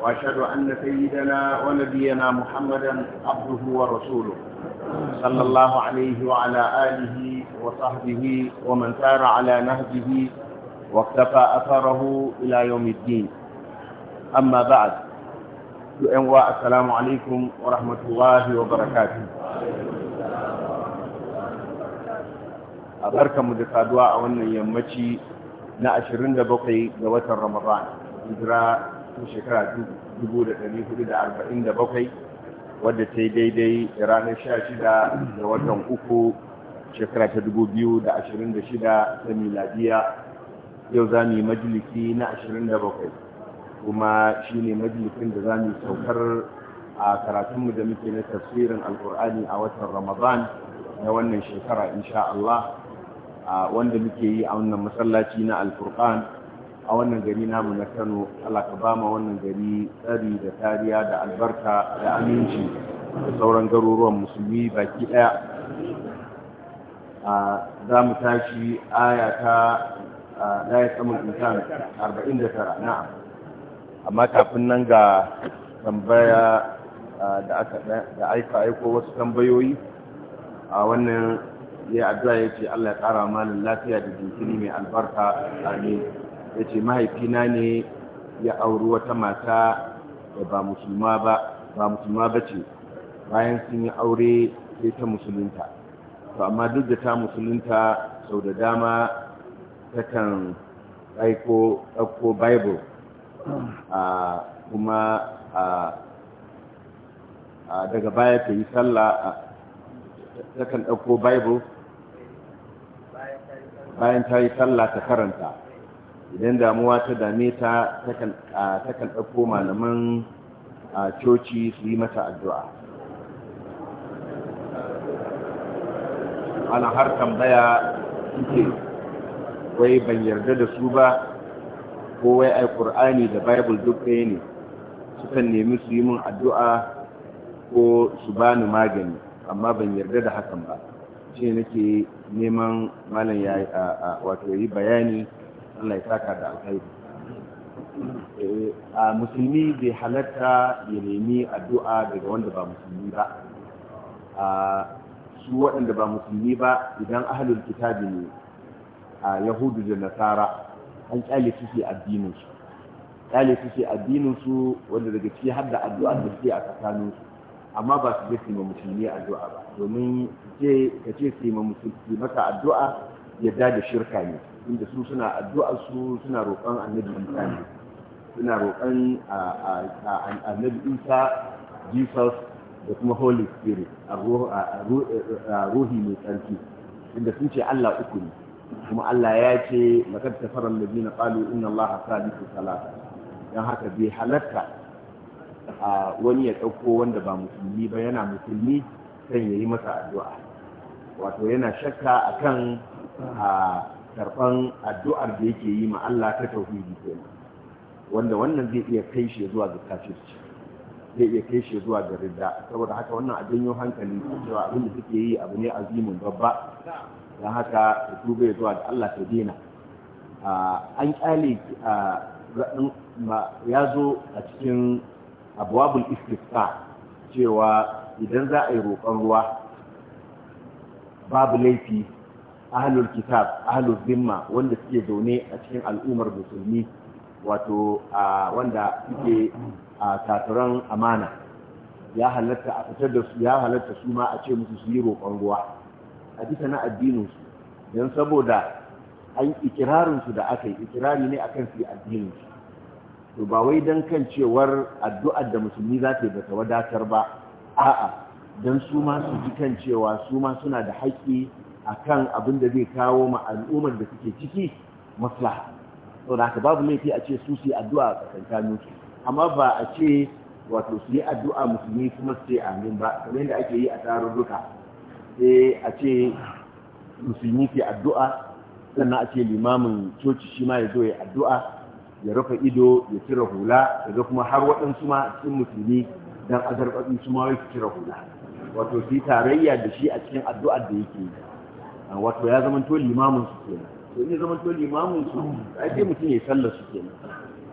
وأشهد أن سيدنا ونبينا محمدا عبده ورسوله صلى الله عليه وعلى آله وصحبه ومن سار على نهجه واقتفى أثره إلى يوم الدين أما بعد يؤمن السلام عليكم ورحمة الله وبركاته أبركم دقاء دعاء ونيمتي na 27 ga watan Ramadan hijira tun shekara dubu da ɗari hudu da arba'in da bakwai wadda ta yi daidai ranar sha shida da watan uku shekara ta dubu biyu da ashirin da shida ta miladiya yau za mu yi na ashirin da bakwai kuma shi ne majalisin da za mu saukar a karatunmu da muke na tafsirin alkur'ani a watan ramadan na wannan shekara insha Allah wanda muke yi a wannan masallaci na alkur'an a wannan gari namu na kano allah ka ba ma wannan gari tsari da tariya da albarka da aminci da sauran garuruwan musulmi baki daya za mu tashi aya ta la ya samun insan 49 na'am amma kafin nan ga tambaya da aika aiko wasu tambayoyi a wannan ya addu'a ya ce Allah ya kara malin lafiya da jinkiri mai albarka amin ya ce mahaifina ne ya auri wata mata da ba musulma ba ba musulma ba ce bayan sun yi aure sai ta musulunta to amma duk da ta musulunta sau da dama takan aiko ɗauko bible a kuma a daga baya ta yi sallah takan ɗauko bible bayan ta yi sallah ta karanta idan damuwa ta dame ta takan ɗauko malaman coci su yi mata addu'a ana har tambaya suke wai ban yarda da su ba ko wai ai ƙur'ani da bible duk ɗaya ne sukan nemi su yi min addu'a ko su bani magani amma ban yarda da hakan ba shi nake neman malam ya wato yi bayani Allah ya saka da alkhairi eh, a musulmi bai halatta ya nemi addu'a daga wanda ba musulmi ba a su waɗanda ba musulmi ba idan ahalul kitabi ne a yahudu da nasara an kyale su addinin su kyale su addinin su wanda daga ciki har da addu'a da suke a tsakanin su amma ba su je su ma musulmi addu'a ba domin je ka ce su ma musulmi maka addu'a yadda da shirka ne inda su suna addu'ar su suna roƙon annabi isa ne suna roƙon annabi isa jesus da kuma holy spirit a ruhi mai tsarki inda sun ce allah uku ne kuma allah ya ce lakar tafarar da na ƙalu inna allah salisu salata don haka bai halatta wani ya ɗauko wanda ba musulmi ba yana musulmi kan ya yi masa addu'a wato yana shakka akan karban addu'ar da yake yi ma Allah ta tauhidi kenan wanda wannan zai iya kai shi zuwa ga kafirci zai iya kai shi zuwa ga ridda saboda haka wannan a janyo hankali cewa abin da suke yi abu ne azimin babba don haka su bai zuwa ga Allah ta dina an kyale ya zo a cikin abuwabul istifa cewa idan za a yi roƙon ruwa babu laifi ahlul kitab ahlul zimma wanda suke zaune a cikin al'ummar musulmi wato wanda suke kafiran amana ya halatta a fitar da su ya halatta su ma a ce musu su yi roƙon ruwa a bisa na addinin don saboda an ikirarin su da aka yi ikirari ne akan su addinin to ba wai don kan cewar addu'ar da musulmi za ta yi bata wadatar ba a'a don su ma su ji kan cewa su ma suna da haƙƙi akan abin da zai kawo ma al'ummar da suke ciki maslaha to da haka babu laifi a ce su su addu'a a tsakankanin su amma ba a ce wato su yi addu'a musulmi kuma su ce amin ba kamar yadda ake yi a tarurruka sai a ce musulmi ke addu'a sannan a ce limamin coci shi ma ya zo ya addu'a ya rufe ido ya cire hula ya ga kuma har waɗansu ma cikin musulmi dan azarbaɗi su ma ya cire hula wato su yi tarayya da shi a cikin addu'ar da yake yi wato ya zama to limamin su ke? to in ya zama to limamin su ai mutum ya sallar su ke.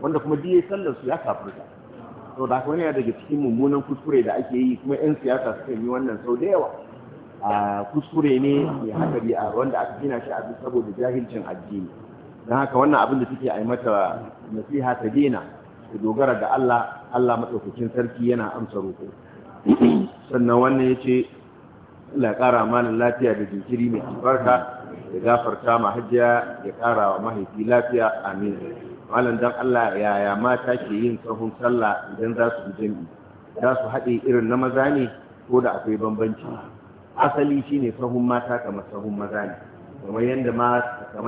wanda kuma duk ya sallar su ya ta to da kuma yana daga cikin mummunan kuskure da ake yi kuma yan siyasa suka yi wannan sau da yawa a kuskure ne mai hatsari a wanda aka gina shi a duk saboda jahilcin addini don haka wannan abin da suke yi mata nasiha ta dena ta dogara da Allah Allah madaukakin sarki yana amsa roƙo sannan wannan ce. Allah ya ƙara mana lafiya da jinkiri mai albarka ya gafarta ma hajjiya ya ƙara wa mahaifi lafiya amin malam dan Allah yaya mata ke yin tsahon sallah idan za su jami'i za su haɗe irin na maza ne ko da akwai bambanci asali shine sahun mata kamar sahun maza ne kamar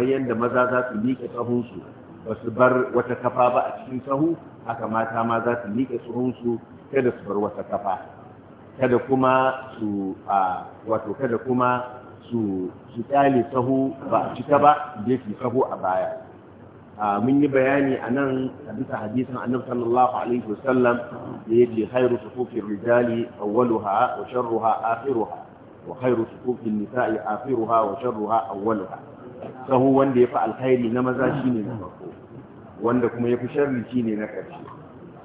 yadda maza za su miƙe sahunsu ba su bar wata kafa ba a cikin sahu haka mata ma za su miƙe su kada su bar wata kafa kada kuma su a wato kada kuma su su tsale sahu ba a cika ba da su sahu a baya mun yi bayani a nan a bisa hadisin annabi sallallahu alaihi wasallam da yake khairu sufufi rijali awwaluha wa sharruha akhiruha wa khairu sufufi nisa'i akhiruha wa sharruha awwaluha sahu wanda ya fi alkhairi na maza shine na farko wanda kuma ya fi sharri shine na ƙarshe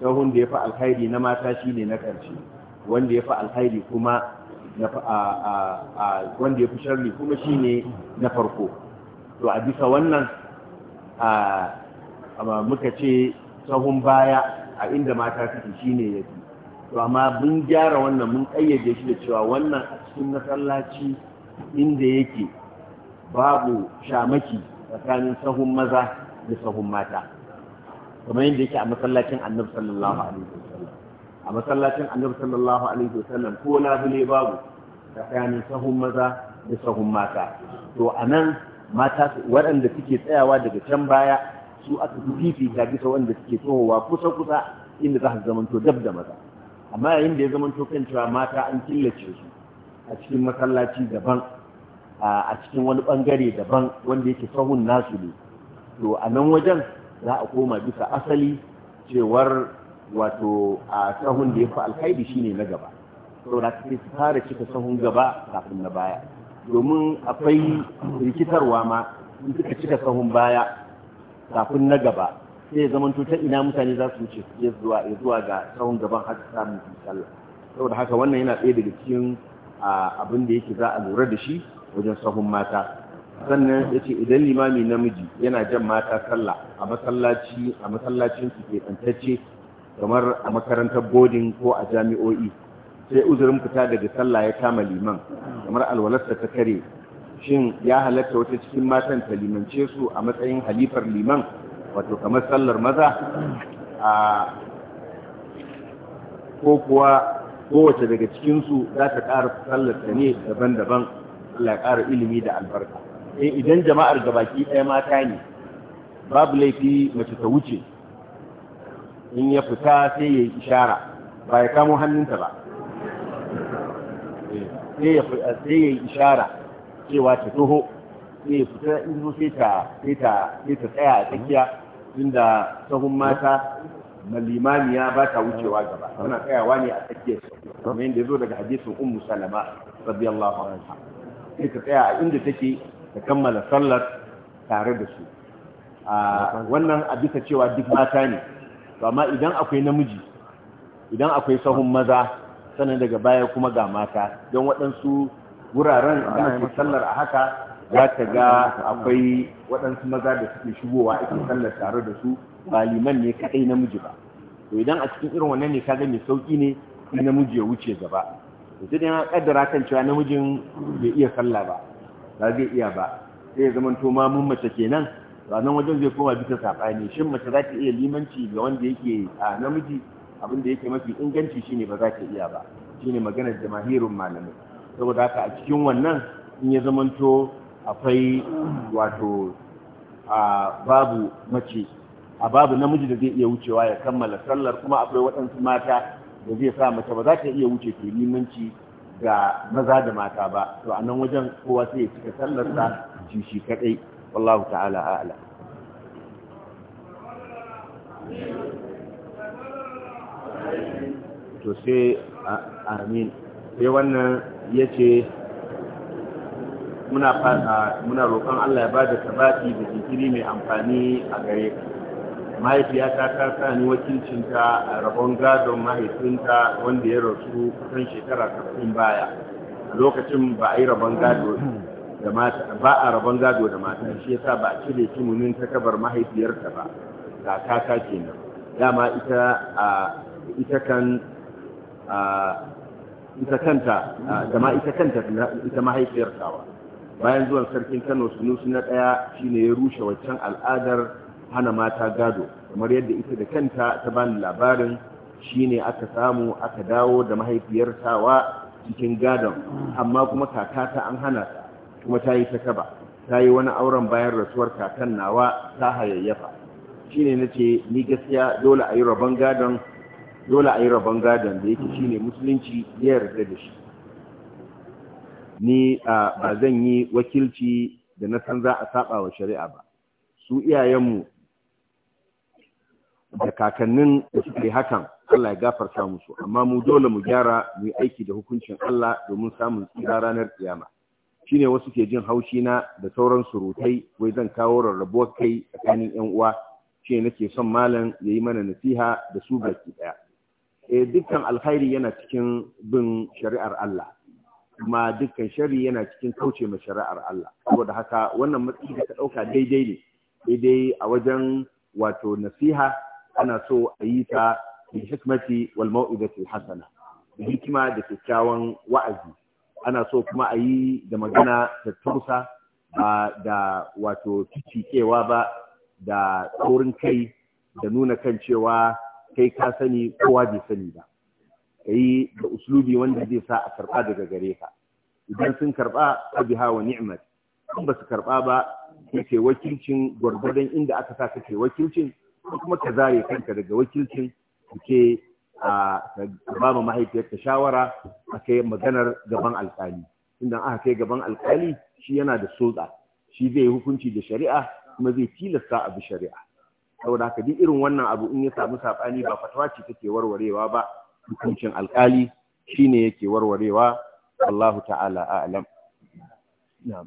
sahun da ya fi alkhairi na mata shine na ƙarshe wanda ya fi alhairi kuma wanda ya fi sharri kuma shi ne na farko to a bisa wannan muka ce sahun baya a inda mata suke shi ne ya fi to amma mun gyara wannan mun ƙayyade shi da cewa wannan a cikin masallaci inda yake babu shamaki tsakanin sahun maza da sahun mata kamar yadda yake a masallacin annabi sallallahu alaihi wasallam a masallacin annabi sallallahu alaihi wasallam ko labule babu tsakanin sahun maza da sahun mata to anan mata waɗanda suke tsayawa daga can baya su aka fi fifita bisa waɗanda suke tsohowa kusa kusa inda za su zamanto dab da maza amma yayin da ya zamanto kan cewa mata an killace su a cikin masallaci daban a cikin wani bangare daban wanda yake sahun nasu ne to a nan wajen za a koma bisa asali cewar wato a sahun da ya fi alkhairi shine na gaba saboda da su fara cika sahun gaba kafin na baya domin akwai rikitarwa ma in suka cika sahun baya kafin na gaba sai zamanto ta ina mutane za su wuce ya zuwa ya zuwa ga sahun gaban haka samun sallah saboda haka wannan yana ɗaya daga cikin abin da yake za a lura da shi wajen sahun mata sannan ya ce idan limami namiji yana jan mata sallah a masallaci a masallacin su ke tsantacce kamar a makarantar boarding ko a jami'o'i sai uzurin fita daga sallah ya kama liman kamar alwalarsa ta kare shin ya halatta wata cikin matan ta limance su a matsayin halifar liman wato kamar sallar maza a ko kuwa kowace daga cikinsu za ta ƙara ta ne daban-daban Allah ya ƙara ilimi da albarka eh, idan jama'ar gabaki ɗaya mata ne babu laifi mace ta wuce in ya fita sai ya yi ishara ba ya kamo hannunta ba eh, sai ya yi ishara cewa ta toho sai ya fita in zo sai ta tsaya a tsakiya inda sahun mata malimaniya ba ta wucewa gaba suna tsayawa ne a tsakiyar su kamar yadda ya zo daga hadisin ummu salama radiyallahu anha sai ta tsaya a inda take ta kammala sallar tare da su ah, wannan a bisa cewa duk mata ne to amma idan akwai namiji idan akwai sahun maza sanan daga baya kuma ga mata don waɗansu wuraren ana yi sallar a haka za ta ga akwai waɗansu maza da suke shigowa ake sallar tare da su ba liman ne kaɗai namiji ba to idan a cikin irin wannan ne ka ga mai sauƙi ne namiji ya wuce gaba to sai dai kaddara kan cewa namijin bai iya sallah ba ba zai iya ba sai ya zama to ma mun mace kenan a nan wajen zai koma bisa saɓani shin mace za ta iya limanci ga wanda yake a namiji abin yake mafi inganci shine ba za ta iya ba shine maganar da mahirin malamai saboda haka a cikin wannan in ya zamanto akwai wato a babu mace a babu namiji da zai iya wucewa ya kammala sallar kuma akwai waɗansu mata da zai sa mace ba za ta iya wuce ke limanci ga maza da mata ba to a nan wajen kowa sai ya cika sallarsa shi shi kaɗai wallahu ta'ala a'ala to sai amin sai muna fata muna roƙon Allah ya bada sabati da jinkiri mai amfani a gare mahaifiyata ta sa ni wakilcinta a rabon gadon mahaifinta wanda ya rasu kusan shekara 70 baya a lokacin ba a yi rabon gado da mata ba a rabon gado da mata shi yasa ba a cire tumunin ta kabar mahaifiyarta ba ga kaka kenan dama ita a ita kan a ita kanta dama ita kanta ita mahaifiyar bayan zuwan sarkin Kano Sunusi na daya shine ya rushe waccan al'adar hana mata gado kamar yadda ita da kanta ta bani labarin shine aka samu aka dawo da mahaifiyar wa cikin gadon amma kuma kakata an hana ta kuma ta yi ta kaba ta yi wani auren bayan rasuwar kakan nawa ta hayayyafa ne na ce ni gaskiya dole a yi rabon gadon dole a yi rabon gadon da yake ne musulunci ya yarda da shi ni ba zan yi wakilci da na san za a saba wa shari'a ba su iyayenmu da kakannin da suke hakan Allah ya gafarta musu amma mu dole mu gyara mu yi aiki da hukuncin Allah domin samun tsira ranar kiyama shine wasu ke jin haushi na da sauran surutai wai zan kawo rarrabuwar kai tsakanin yan uwa shi nake son malam ya yi mana nasiha da su baki daya eh dukkan alkhairi yana cikin bin shari'ar Allah kuma dukkan shari yana cikin kauce ma shari'ar Allah saboda haka wannan matsayi da ka dauka daidai ne daidai a wajen wato nasiha ana so a yi ta bi hikmati wal mau'izati hasana da hikima da kyakkyawan wa'azi ana so kuma a yi da magana da tausa ba da wato cikewa ba da tsorin kai da nuna kan cewa kai ka sani kowa bai sani ba ka yi da uslubi wanda zai sa a karɓa daga gare ka idan sun karɓa ka bi wa ni'mat in ba su karɓa ba kake wakilcin gwargwadon inda aka sa kake wakilcin kuma ka zare kanka daga wakilcin kake a ba ma mahaifiyarta shawara a kai maganar gaban alkali inda aka kai gaban alkali shi yana da soza, shi zai yi hukunci da shari'a kuma zai tilasta a bi shari'a saboda haka duk irin wannan abu in ya samu saɓani ba fatawa ce take warwarewa ba hukuncin alkali shi ne yake warwarewa Allahu ta'ala a'lam na'am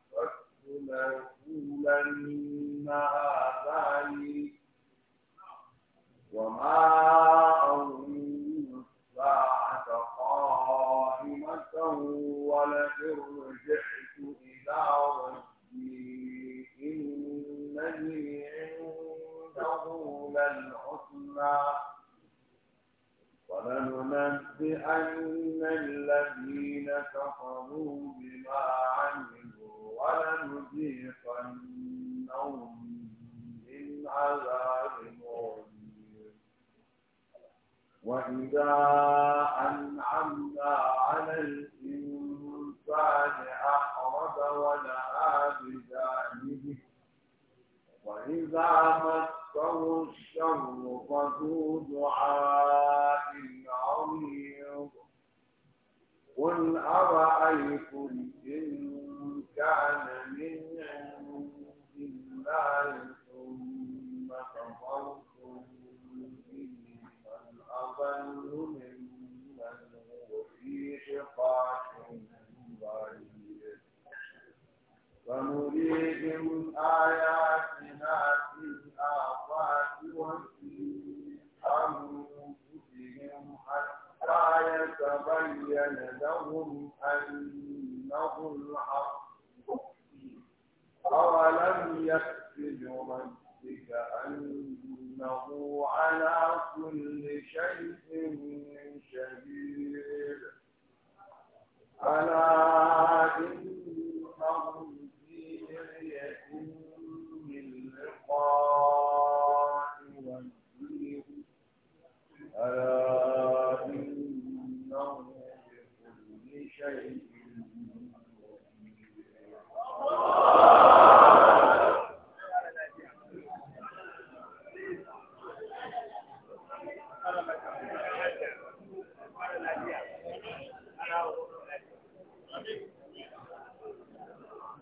ليقولن هذا وما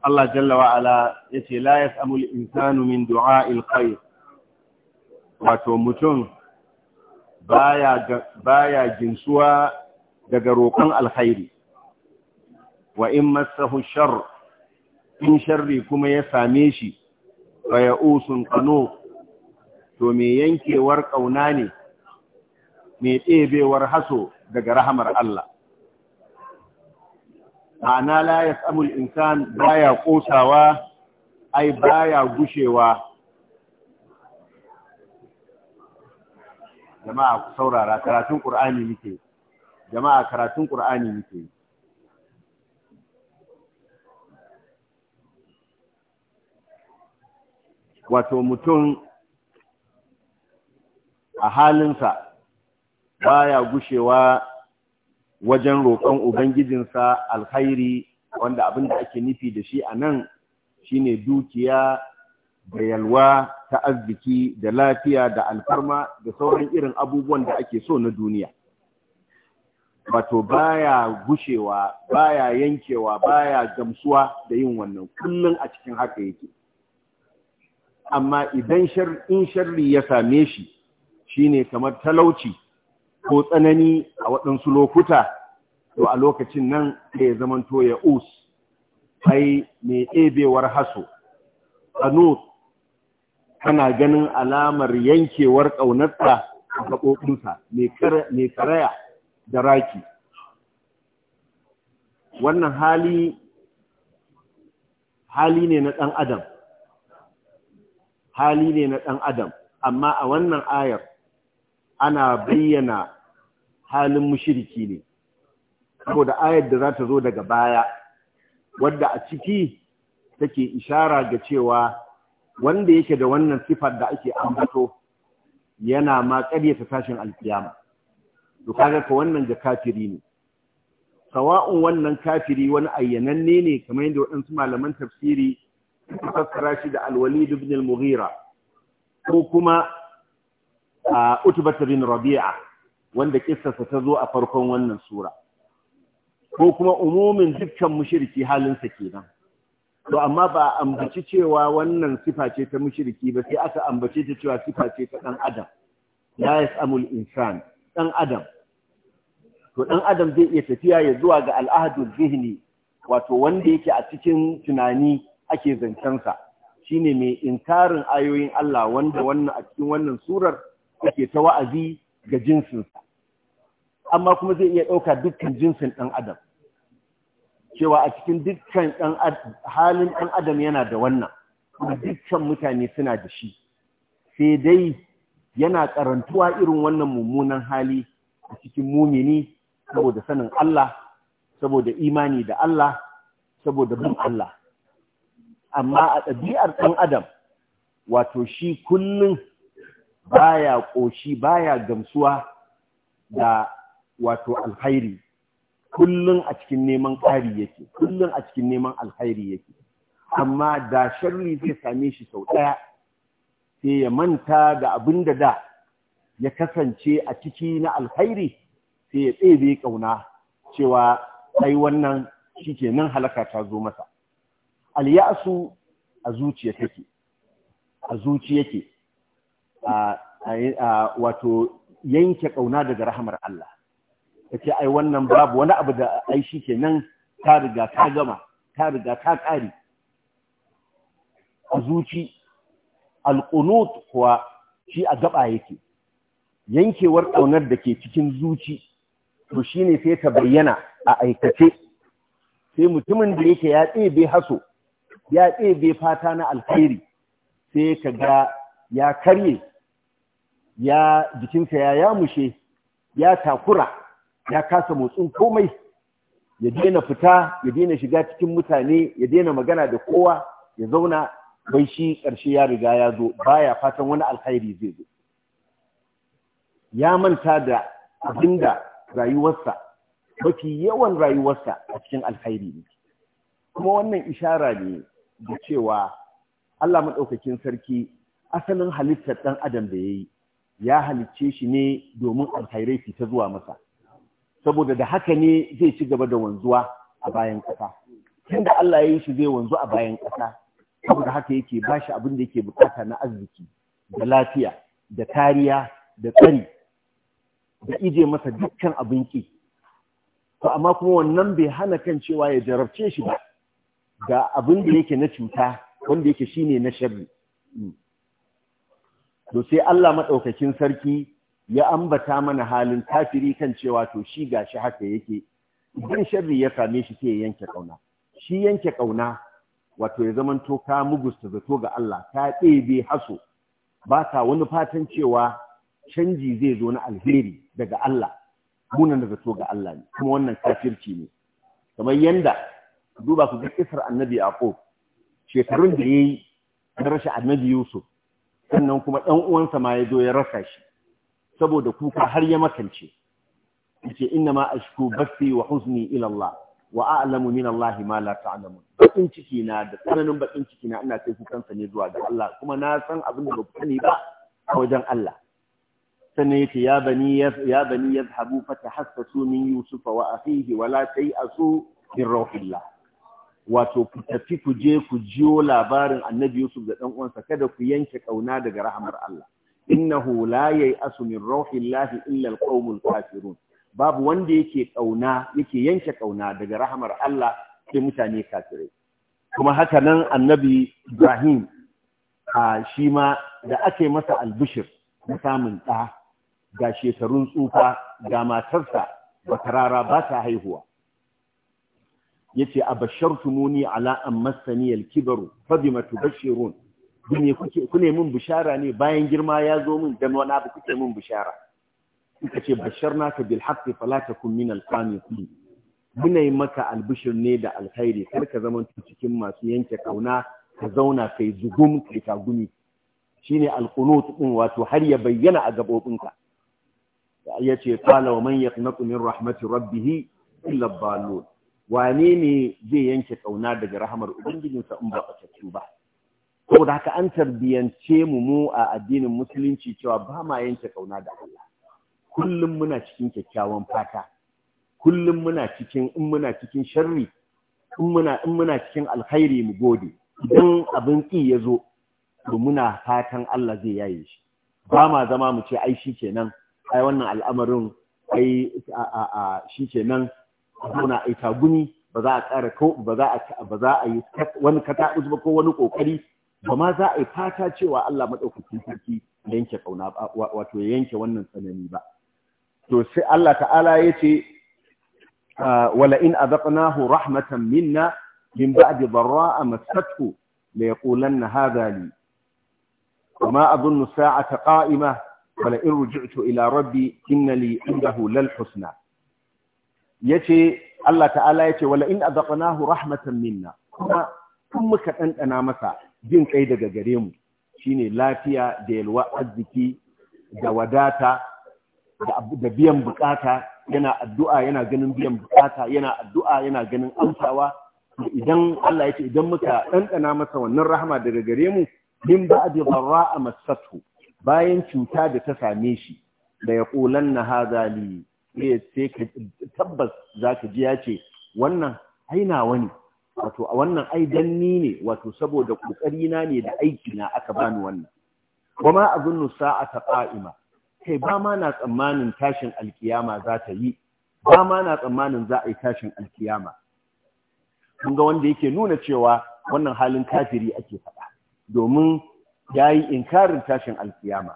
Allah jalla Wa'ala ya yace la yasamu al-insanu min du'a'il khair wato mutum baya ginsuwa daga roƙon alkhairi wa in massahu shar in sharri kuma ya same shi fa usun Kano. to me yankewar ƙauna ne me ɗebewar haso daga rahamar Allah Ma'ana la samu insan baya kosawa ai baya gushewa jama'a ku saurara karatun qur'ani muke jama'a karatun qur'ani muke wato mutum a halinsa baya gushewa wajen roƙon ubangijinsa alkhairi wanda abin da ake nufi da shi a nan shine dukiya da yalwa ta arziki da lafiya da alfarma da sauran irin abubuwan da ake so na duniya wato baya gushewa baya yankewa baya gamsuwa da yin wannan kullum a cikin haka yake amma idan in sharri ya same shi shi ne kamar talauci ko tsanani a waɗansu lokuta to a lokacin nan da ya zamanto ya us ai mai ɗebewar haso qanut tana ganin alamar yankewar ƙaunarsa a gaɓoɓinsa mai karaya da raki wannan hali hali ne na ɗan adam hali ne na ɗan adam amma a wannan ayar ana bayyana halin mushiriki ne saboda ayar da za ta zo daga baya wadda a ciki take ishara ga cewa wanda yake da wannan sifar da ake ambato yana ma ta tashin alkiyama to kaga ka wannan ga kafiri ne sawa'un wannan kafiri wani ayyananne ne kamar yadda waɗansu malaman tafsiri suka fassara shi da alwalid ibn al-mughira ko kuma a utubata bin rabi'a wanda kissarsa ta zo a farkon wannan sura ko kuma umumin dukkan mushriki halinsa kenan to amma ba a ambaci cewa wannan sifa ce ta mushriki ba sai aka ambace ta cewa sifa ce ta ɗan adam la yasamul insan ɗan adam to ɗan adam zai iya tafiya ya zuwa ga al'ahadul zihni wato wanda yake a cikin tunani ake zancensa shine mai inkarin ayoyin Allah wanda wannan a cikin wannan surar ake ta wa'azi ga jinsinsa amma kuma zai iya ɗauka dukkan jinsin ɗan adam cewa a cikin dukkan halin ɗan adam yana da wannan kuma dukkan mutane suna da shi sai dai yana karantuwa irin wannan mummunan hali a cikin mumini saboda sanin Allah saboda imani da Allah saboda bin Allah amma a ɗabi'ar ɗan adam wato shi kullum baya koshi baya gamsuwa da wato alhairi kullun a cikin neman ƙari yake kullun a cikin neman alhairi yake amma da sharri zai same shi sau ɗaya sai ya manta da abin da da ya kasance a ciki na alhairi sai ya tsebe ƙauna cewa ai wannan shi ke nan halaka ta zo masa. Alyasu a zuciya take, a zuciya yake, wato yanke ƙauna daga rahamar Allah ka ce ai wannan babu wani abu da ai shi ke nan ta riga ta gama ta riga ta ƙari a zuci alƙunut kuwa shi a gaba yake yankewar ƙaunar da ke cikin zuci to shi ne sai ta bayyana a aikace sai mutumin da yake ya ɗebe haso ya ɗebe fata na alkhairi sai ka ga ya karye ya jikinsa ya yamushe ya takura ya kasa motsin komai ya daina fita ya daina shiga cikin mutane ya daina magana da kowa ya zauna bai shi ƙarshe ya riga ya zo baya fatan wani alkhairi zai zo ya manta da abinda rayuwarsa mafi yawan rayuwarsa a cikin alkhairi ne kuma wannan ishara ne da cewa Allah maɗaukakin sarki asalin halittar ɗan adam da ya yi ya halicce shi ne domin alkhairai ta zuwa masa saboda da haka ne zai ci gaba da wanzuwa a bayan ƙasa tunda Allah ya yi shi zai wanzu a bayan ƙasa saboda haka yake ba shi abin da yake bukata na arziki da lafiya da kariya da tsari da ije masa dukkan abin ki to amma kuma wannan bai hana kan cewa ya jarabce shi ba ga abin da yake na cuta wanda yake shine na sharri hmm. to sai Allah madaukakin sarki ya ambata mana halin kafiri kan cewa to shi gashi haka yake idan sharri ya same shi sai yanke kauna shi yanke kauna wato ya zaman to ka mugusta zato ga Allah ka ɗebe haso ba ka wani fatan cewa canji zai zo na alheri daga Allah munan da zato ga Allah ne kuma wannan kafirci ne kamar yanda duba ku ga kisar annabi yaqub shekarun da yayi na rashin annabi yusuf sannan kuma ɗan uwansa ma ya zo ya rasa shi saboda kuka har ya makance yace inna ma ashku bathi wa huzni ila Allah wa a'lamu min Allah ma la ta'lamun bakin ciki na da tsananin bakin ciki na ina kai kukan sa ne zuwa ga Allah kuma na san abin da ba ku sani ba a wajen Allah sannan yace ya bani ya bani yadhhabu fatahassasu min Yusufa wa akhihi wa la tay'asu min rauhillah wato ku tafi ku je ku jiyo labarin annabi Yusuf da ɗan uwansa kada ku yanke kauna daga rahamar Allah innahu la asumin min rauhillahi illa alqaumul kafirun babu wanda yake kauna yake yanke kauna daga rahamar Allah sai mutane kafirai kuma haka nan annabi Ibrahim a shi ma da ake masa albishir na samun ɗa ga shekarun tsufa ga matarsa rara ba ta haihuwa yace a ala an ala'an al-kibaru fa bima tubashirun dune kuke kune mun bishara ne bayan girma ya zo mun dan wani abu kuke mun bishara kuka ce basharnaka bil haqqi fala takun min al-qanitin muna yi maka albishir ne da alkhairi kar ka zama cikin masu yanke kauna ka zauna kai zugum kai tagumi shine alqunut din wato har ya bayyana a gabobinka yace qala wa man yaqnatu min rahmati rabbih illa dhalun wane ne zai yanke ƙauna daga rahamar ubangijinsa in ba ɓatattu ba saboda haka an tarbiyance mu mu a addinin musulunci cewa ba ma yanke ƙauna da Allah kullum muna cikin kyakkyawan fata kullum muna cikin in muna cikin sharri in muna cikin alkhairi mu gode idan abin ƙi ya zo to muna fatan Allah zai yaye shi ba ma zama mu ce ai shi kenan ai wannan al'amarin ai a a kenan a zauna a yi tagumi ba za a ƙara ko ba za a yi wani kataɓus ba ko wani ƙoƙari ba ma za a yi fata cewa Allah maɗaukakin sarki yanke ƙauna wato ya yanke wannan tsanani ba to sai Allah ta'ala ya ce ah, wala in azaqnahu rahmatan minna min ba'di dharra'a massathu la yaqulanna hadha li وما أظن الساعة to ila رجعت إلى ربي إن لي عنده husna. yace Allah ta'ala yace wala in azaqnahu rahmatan minna kuma tun muka ɗanɗana masa jin kai daga gare mu shine lafiya da yalwa arziki da wadata da biyan bukata yana addu'a yana ganin biyan bukata yana addu'a yana ganin amsawa idan Allah yace idan muka ɗanɗana masa wannan rahma daga gare mu min ba'di dharra amassathu bayan cuta da ta same shi da ya qulanna sai ka tabbas za ka ji ya ce wannan ai wani. ne wato a wannan ai danni ne wato saboda kokari na ne da aiki na aka bani wannan kuma a azunnu sa'ata qa'ima kai ba ma na tsammanin tashin alkiyama za ta yi ba ma na tsammanin za a yi tashin alkiyama kun ga wanda yake nuna cewa wannan halin kafiri ake faɗa domin yayi inkarin tashin alkiyama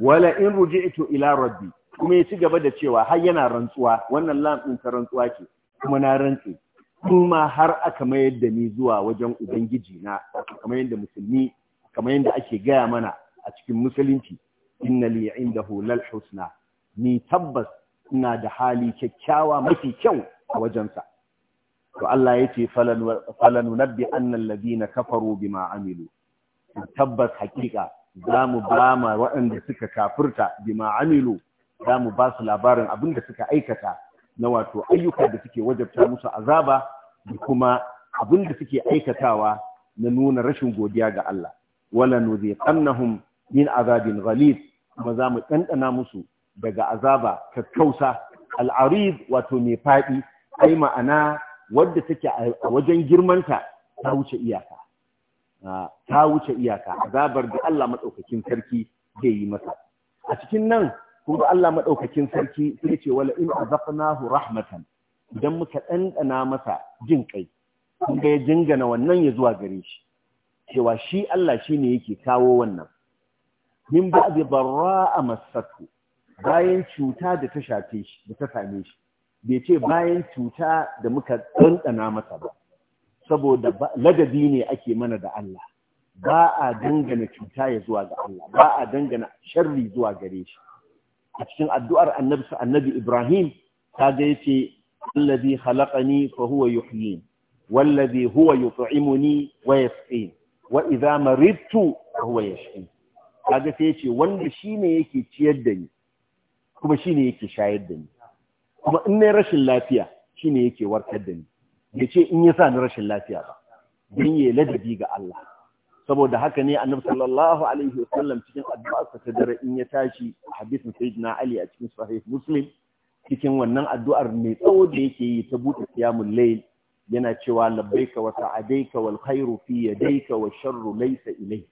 wala in ruji'tu ila rabbi kuma ya ci gaba da cewa har yana rantsuwa wannan lam ta rantsuwa ke kuma na rantse kuma har aka mayar da ni zuwa wajen ubangiji na kamar yadda musulmi kamar yadda ake gaya mana a cikin musulunci inna li indahu lal husna ni tabbas ina da hali kyakkyawa mafi kyau a wajensa to Allah yace falan nabbi annal ladina kafaru bima amilu tabbas hakika zamu bama waɗanda suka kafirta bima amilu za mu ba su labarin abin da suka aikata na wato ayyuka da suke wajabta musu azaba da kuma abin da suke aikatawa na nuna rashin godiya ga Allah wala nuziqannahum min azabin ghalid kuma za mu ɗanɗana musu daga azaba kakkausa al'arid wato mai faɗi ai ma'ana wadda take a wajen girmanta ta wuce iyaka ta wuce iyaka azabar da Allah maɗaukakin sarki zai yi masa a cikin nan kun ga Allah madaukakin sarki sai ce wala in azaqnahu rahmatan idan muka dandana masa jin kai kun ga ya jingana wannan ya zuwa gare shi cewa shi Allah shine yake kawo wannan min ba'di barra'a masatu bayan cuta da ta shafe shi da ta same shi bai ce bayan cuta da muka dandana masa ba saboda ladabi ne ake mana da Allah ba a dangana cuta ya zuwa ga Allah ba a dangana sharri zuwa gare shi a cikin addu'ar annabi annabi Ibrahim kaga yace allazi khalaqani fa huwa yuhyin wallazi huwa yut'imuni wa yasqin wa idza maridtu fa huwa ta kaga sai yace wanda ne yake ciyar da ni kuma ne yake shayar da ni kuma in nayi rashin lafiya shine yake warkar da ni yace in yasa ni rashin lafiya ba dan yayi ladabi ga Allah saboda haka ne annabi sallallahu alaihi wasallam cikin addu'arsa ta dare in ya tashi hadisin sayyidina ali a cikin sahih muslim cikin wannan addu'ar mai tsawo da yake yi ta buɗe qiyamul layl yana cewa labbaika wa sa'adaika wal khairu fi yadayka wa sharru laysa ilayk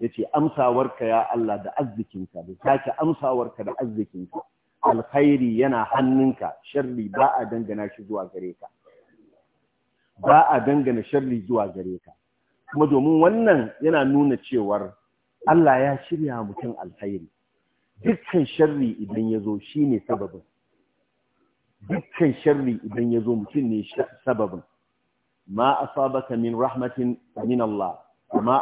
yace amsawarka ya Allah da arzikinka da take amsawarka da arzikinka alkhairi yana hannunka sharri ba a dangana shi zuwa gare ka ba a dangana sharri zuwa gare ka kuma domin wannan yana nuna cewar Allah ya shirya mutum alkhairi dukkan sharri idan ya zo shi ne sababin dukkan sharri idan ya zo mutum ne sababin ma asabaka min rahmatin min Allah ma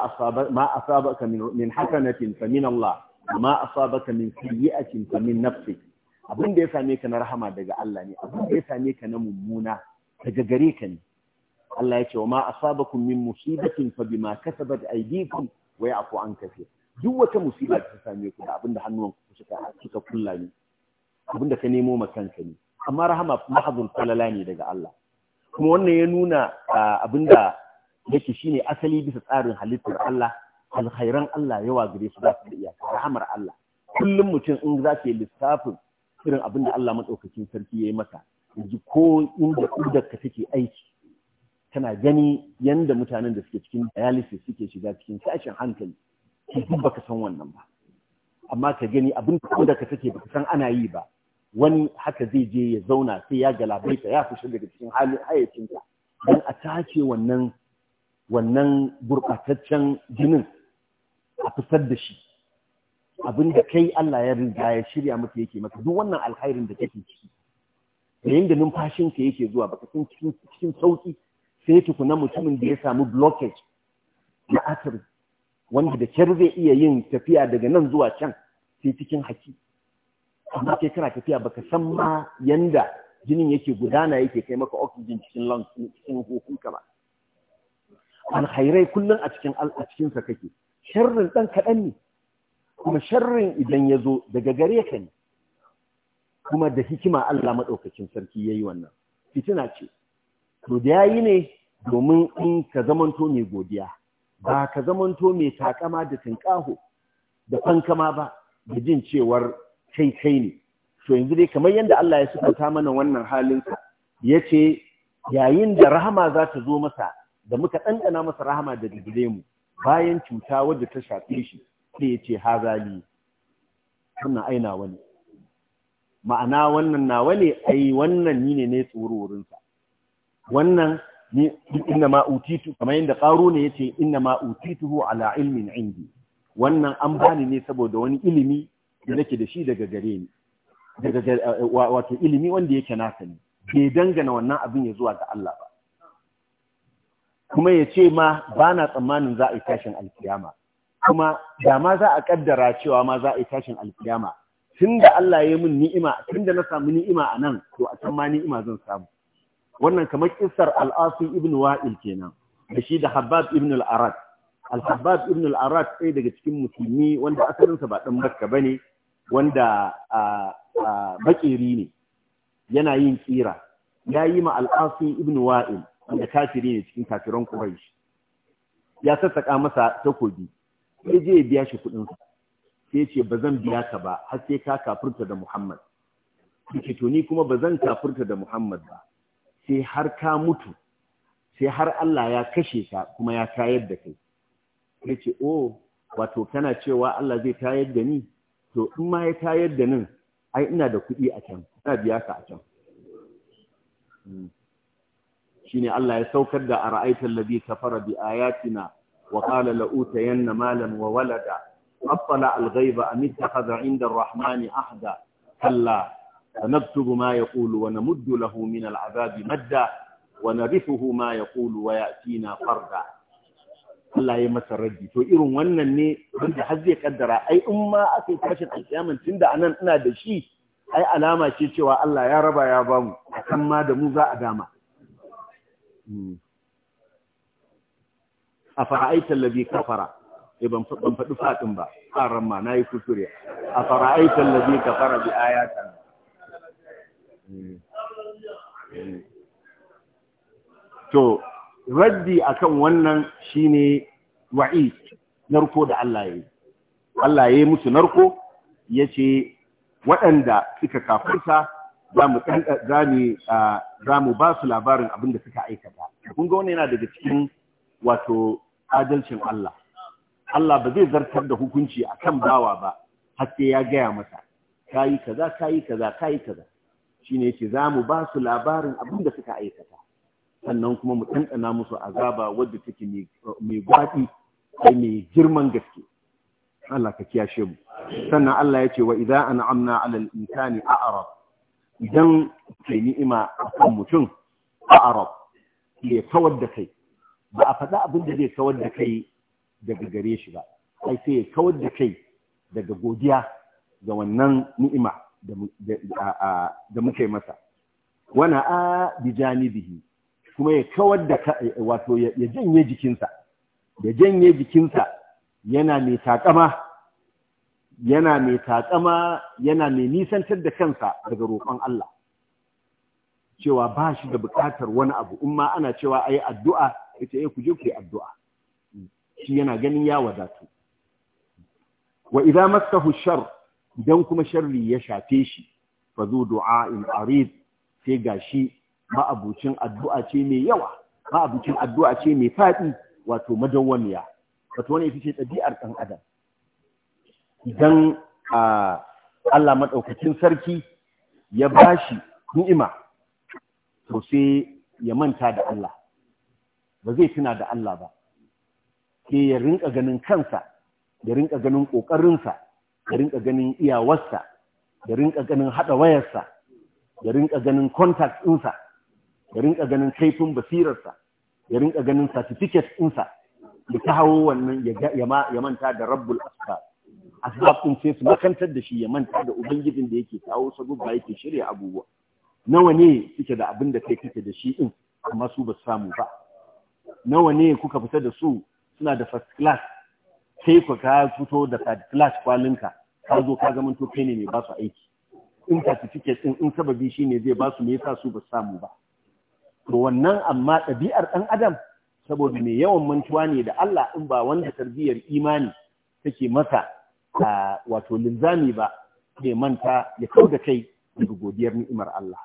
asabaka min hasanatin min Allah ma asabaka min sayyi'atin min nafsik abin da ya same ka na rahama daga Allah ne abin da ya same ka na mummuna daga gare ka ne Allah ya ce wa ma asabakum min musibatin fa bima kasabat aydikum wa ya'fu an kaseer duk wata musiba da ta same ku da abinda hannuwan ku suka suka kulla ni abinda ka nemo ma kanka ne amma rahama mahadul falala ne daga Allah kuma wannan ya nuna abinda yake shine asali bisa tsarin halittar Allah alkhairan Allah yawa gare su za su da iyaka rahamar Allah kullum mutum in za ka yi lissafin irin abinda Allah madaukakin sarki ya yi maka yanzu ko inda kudarka take aiki tana gani yanda mutanen da suke cikin dialysis suke shiga cikin sashen hankali ki duk baka san wannan ba amma ka gani abin da ka take baka san ana yi ba wani haka zai je ya zauna sai ya ta ya fushi daga cikin halin don a tace wannan wannan gurɓataccen jinin a fitar da shi abin da kai Allah ya riga ya shirya maka yake maka duk wannan alkhairin da kake ciki da yanda numfashinka yake zuwa baka san cikin sauki sai tukuna mutumin da ya samu blockage na artery wanda da kyar zai iya yin tafiya daga nan zuwa can sai cikin haki amma kai kana tafiya baka san ma yanda jinin yake gudana yake kai maka oxygen cikin lungs cikin ba Alhairai kullum a cikin kake sharrin dan kaɗan ne kuma sharrin idan ya zo daga gare ka ne kuma da hikima Allah maɗaukacin sarki yayi wannan fitina ce to da yayi ne domin in ka zamanto mai godiya ba ka zamanto mai takama da tunƙaho da fankama ba da jin cewar kai kai ne to yanzu dai kamar yadda Allah ya sukanta mana wannan halinka ya ce yayin da rahama za ta zo masa da muka ɗanɗana masa rahama da gidire mu bayan cuta wadda ta shafe shi sai ya ce hazali wannan ai nawa ne ma'ana wannan nawa ne ai wannan ni ne ne tsoro wurinsa wannan ni inna ma utitu kamar yadda ƙaro ne yace inna ma utituhu ala ilmin indi wannan an bani ne saboda wani ilimi da nake da shi daga gare ni daga eh, wato ilimi wanda yake nasa ne bai dangana wannan abin ya zuwa ga Allah ba kuma ya ce ma ba na tsammanin za a yi tashin alkiyama kuma da ma za a kaddara cewa ma za a yi tashin alkiyama tun Allah ya yi min ni'ima tun na samu ni'ima a nan to a can ma ni'ima zan samu wannan kamar kissar al'asu ibn wa'il kenan da shi da habab ibn al-arad al-habab ibn al-arad ɗaya daga cikin musulmi wanda asalinsa ba ɗan makka ba ne wanda bakiri ne yana yin tsira. ya yi ma al'asu ibn wa'il wanda kafiri ne cikin kafiran quraish ya sassaƙa masa takobi sai je ya biya shi kuɗinsa sai ce ba zan biya ka ba har sai ka kafurta da muhammad ni kuma ba zan kafurta da muhammad ba sai har ka mutu sai har Allah ya kashe ka kuma ya tayar da kai ya ce o wato kana cewa Allah zai tayar da ni to in ma ya tayar da nan, ai ina da kuɗi a can ina biya ka a can shine Allah ya saukar da ara'aital ladhi kafara bi ayatina wa qala la utayanna malan wa walada afala al-ghaiba am ittakhadha 'inda ar-rahmani ahda kalla فنكتب ما يقول ونمد له من العذاب مدا ونرثه ما يقول ويأتينا فردا الله يا masa raddi to irin wannan ne wanda har zai kaddara ai in ma akai tashin alkiyaman tunda anan ina da shi ai alama ce cewa Allah ya raba ya ba mu akan ma da mu za a dama afara'aita fara'aita alladhi kafara eh ban faɗi ba ƙaran ma nayi kuskure a alladhi kafara bi ayatina Eh. to raddi akan wannan shine wa'i narko da Allah ya yi Allah ya yi musu narko ya ce waɗanda suka kafurta za mu ba su labarin abin da suka aikata kun ga wani yana daga cikin wato adalcin Allah Allah ba zai zartar da hukunci akan bawa ba har ya gaya masa kayi kaza kayi kaza kayi kaza ne yace za mu ba su labarin abin da suka aikata sannan kuma mu ɗanɗana musu azaba wadda take mai gwaɗi ai mai girman gaske Allah ka kiyashe mu sannan Allah ya ce wa idza an'amna 'alal insani a'rab idan kai ni'ima akan mutum a'rab ya kawar da kai ba a faɗa abin da zai kawar da kai daga gare shi ba ai sai ya kawar da kai daga godiya ga wannan ni'ima da muka yi masa wana a bihi. kuma ya kawar da wato ya janye jikinsa ya janye jikinsa yana mai taƙama, yana mai taƙama yana mai nisantar da kansa daga roƙon Allah cewa ba shi da buƙatar wani abu in ma ana cewa ayi addu'a ita eh ku yi addu'a shi yana ganin ya wadatu wa idza massahu shar Idan kuma sharri ya shafe shi fa zu in arid sai gashi ma'abucin addu'a ce mai yawa ma'abucin addu'a ce mai fadi wato madawwamiya wato wani ita ce ɗabi'ar ɗan adam idan Allah maɗaukacin sarki ya bashi ni'ima to sai ya manta da Allah ba zai tuna da Allah ba ke ya rinka ganin kansa ya rinka ganin ƙoƙarinsa ya rinka ganin iyawarsa ya rinka ganin haɗa wayarsa ya rinka ganin contact ɗinsa ya rinka ganin kaifin basirarsa ya rinka ganin certificate ɗinsa ta hawo wannan ya manta da rabbul asbab asbab ɗin sai su makantar da shi ya manta da ubangijin da yake kawo ba yake shirya abubuwa nawa ne suke da abin da kai kake da shi ɗin amma su ba samu ba nawa ne kuka fita da su suna da first class sai ku ka fito da third class kwalinka ka zo ka zama to kai ne mai ba su aiki in ka ɗin din in sababi shine zai ba su me yasa su ba samu ba to wannan amma ɗabi'ar ɗan adam saboda mai yawan mantuwa ne da Allah in ba wanda tarbiyyar imani take masa wato linzami ba bai manta ya kau da kai daga godiyar ni'imar Allah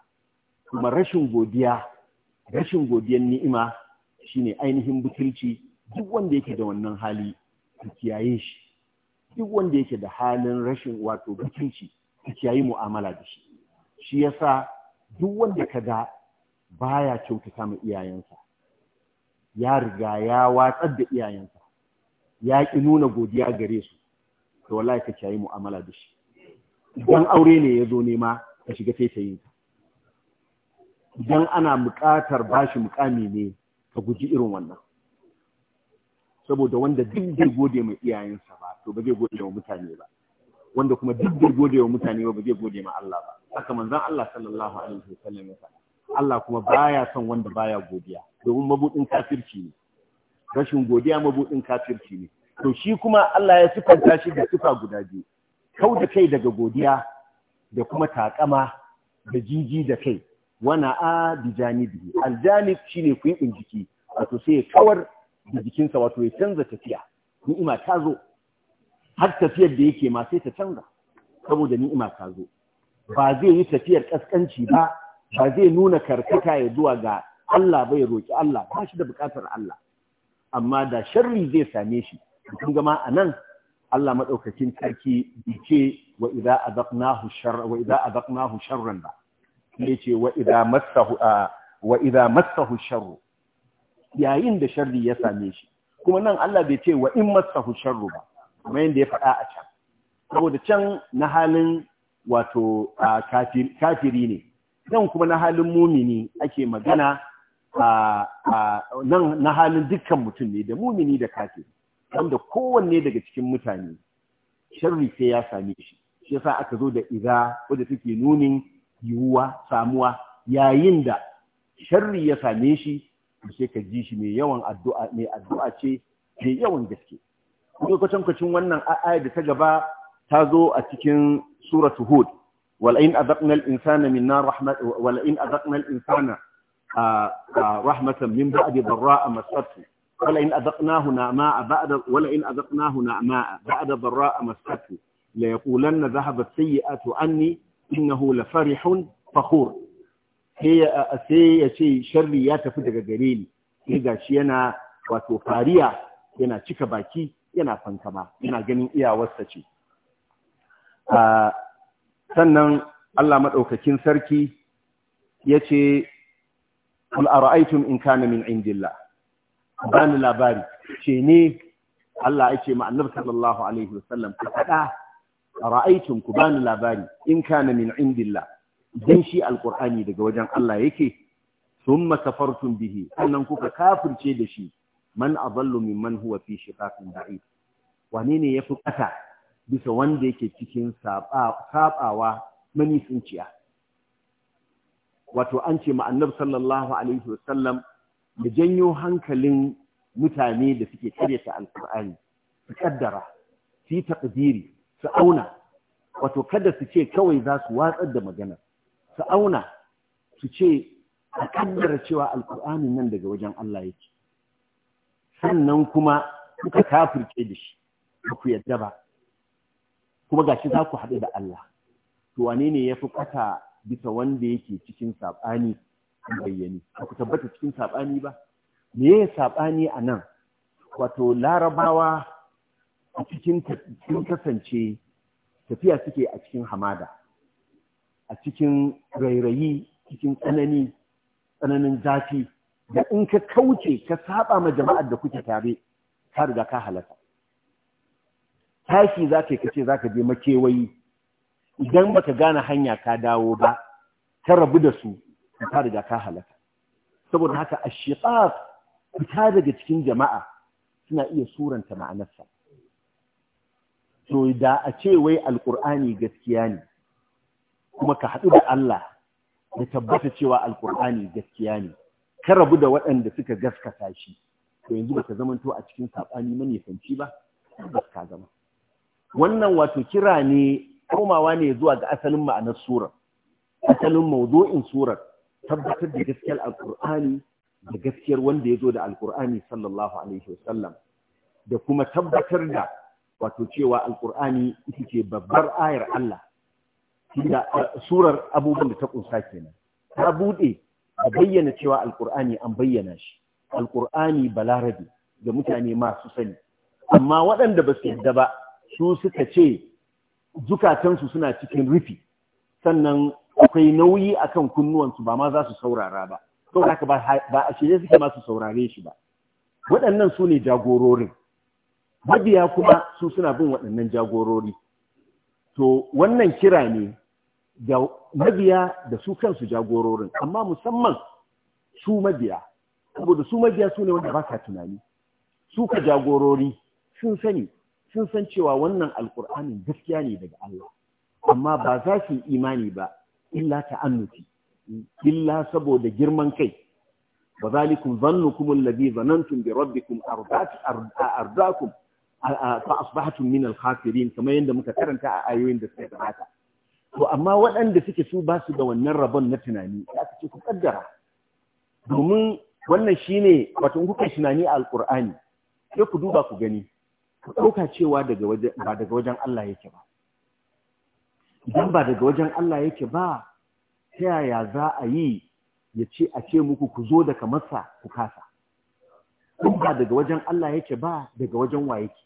kuma rashin godiya rashin godiyar ni'ima shine ainihin butulci duk wanda yake da wannan hali ka kiyaye shi duk wanda yake da halin rashin wato mutunci ka kiyayi mu'amala da shi shi yasa duk wanda ka ga baya kyautata ma iyayensa ya riga ya watsar da iyayensa ya ki nuna godiya gare su to wallahi ka kiyayi mu'amala da shi idan aure ne ya zo nema ka shiga taitayinka idan ana buƙatar bashi mukami ne ka guji irin wannan saboda wanda duk zai gode ma iyayensa ba to ba zai gode wa mutane ba wanda kuma duk zai gode wa mutane ba ba zai gode ma Allah ba haka manzon Allah sallallahu alaihi wasallam ya faɗa Allah kuma baya son wanda baya godiya domin mabudin kafirci ne rashin godiya mabudin kafirci ne to shi kuma Allah ya sifanta shi da sifa guda biyu kau da kai daga godiya da kuma takama da jiji da kai wana a bijani bihi aljanib shine yi jiki wato sai kawar da jikinsa wato ya canza tafiya ni'ima ta zo har tafiyar da yake ma sai ta canza saboda ni'ima ta zo ba zai yi tafiyar ƙasƙanci ba ba zai nuna karkata ya zuwa ga Allah bai roki Allah ba shi da bukatar Allah amma da sharri zai same shi kun ga a nan, Allah madaukakin sarki yace wa idza azaqnahu wa idza sharran ba yace wa idza massahu wa sharru yayin da sharri ya same shi kuma nan Allah bai ce wa in masahu sharru ba kuma yanda ya faɗa a can saboda can na halin wato kafiri ne nan kuma na halin mumini ake magana nan na halin dukkan mutum ne da mumini da kafiri wanda kowanne daga cikin mutane sharri sai ya same shi shi yasa aka zo da iza wanda take nunin yiwuwa samuwa yayin da sharri ya same shi sai ka ji shi mai yawan addu'a mai addu'a ce mai yawan gaske kuma kwatankwacin wannan aya da ta gaba ta zo a cikin suratu hud wal in azaqna al insana minna rahmat wal in azaqna al insana rahmatan min ba'di dharra'a masathu wal in azaqnahu na'ma'a ba'da wal in azaqnahu na'ma'a ba'da dharra'a masathu la yaqulanna dhahabat sayyi'atu anni innahu la farihun fakhur sai ya ce sharri ya tafi daga gare ni sai gashi yana wato fariya yana cika baki yana fankama yana ganin iyawarsa ce sannan Allah maɗaukakin sarki ya ce kul in kana min indillah bani labari ce ne Allah ya ce ma annabi sallallahu alaihi wasallam ku faɗa ara'aytum ku bani labari in kana min indillah dan shi alqur'ani daga wajen Allah yake thumma kafartum bihi sannan kuka kafirce da shi man adallu mimman huwa fi shiqaqin ba'id wane ne yafi kata bisa wanda yake cikin sabawa manisinciya wato an ce ma annabi sallallahu alaihi wasallam da janyo hankalin mutane da suke karyata alkur'ani su kaddara su yi taqdiri su auna wato kada su ce kawai za su watsar da maganar su auna su ce a kaddara cewa alkur'anin nan daga wajen Allah yake sannan kuma kuka kafirce da shi ba ku yadda ba kuma gashi za ku haɗu da Allah to wane ne ya fi kwata bisa wanda yake cikin saɓani bayyani ba ku tabbata cikin saɓani ba me ya saɓani a nan wato larabawa a cikin sun kasance tafiya suke a cikin hamada a cikin rairayi cikin tsanani tsananin zafi da in ka kauce ka saba ma jama'ar da kuke tare ka riga ka halaka tashi za ka yi kace za ka je makewayi idan baka gane hanya ka dawo ba ka rabu da su ka riga ka halaka saboda haka ashiqaq fita daga cikin jama'a suna iya suranta ma'anarsa to da a ce wai alqur'ani gaskiya ne kuma ka haɗu da Allah da tabbata cewa alkur'ani gaskiya ne ka rabu da waɗanda suka gaskata shi to yanzu baka zamanto a cikin saɓani manisanci ba ka zama wannan wato kira ne komawa ne zuwa ga asalin ma'anar surar asalin mawdu'in surar tabbatar da gaskiyar alkur'ani da gaskiyar wanda ya zo da alkur'ani sallallahu alaihi da kuma tabbatar da wato cewa alkur'ani ita ce babbar ayar Allah surar abubuwan da ta kunsa kenan ta buɗe a bayyana cewa alkur'ani an bayyana shi alkur'ani balarabi ga mutane masu sani amma waɗanda ba su yadda ba su suka ce zukatansu suna cikin rufi sannan akwai nauyi a kan kunnuwansu ba ma za su saurara ba saboda haka ba a shirye suke masu saurare shi ba waɗannan su ne jagororin mabiya kuma su suna bin waɗannan jagorori to wannan kira ne da mabiya da su kansu jagororin amma musamman su mabiya saboda su mabiya su ne wanda ba sa tunani su ka jagorori sun sani sun san cewa wannan alkur'anin gaskiya ne daga Allah amma ba za su imani ba illa ta'annuti illa saboda girman kai wa zalikum zannukum alladhi zanantum bi rabbikum ardaakum fa asbahtum min al-khasirin kamar yadda muka karanta a ayoyin da suka gabata to amma waɗanda suke su ba su da wannan rabon na tunani ya su ce ku kaddara domin wannan shine wato kuka tunani a alqur'ani sai ku duba ku gani ku ɗauka cewa ba daga wajen Allah yake ba idan ba daga wajen Allah yake ba ta yaya za a yi ya ce a ce muku ku zo daga masa ku kasa in ba daga wajen Allah yake ba daga wajen wa yake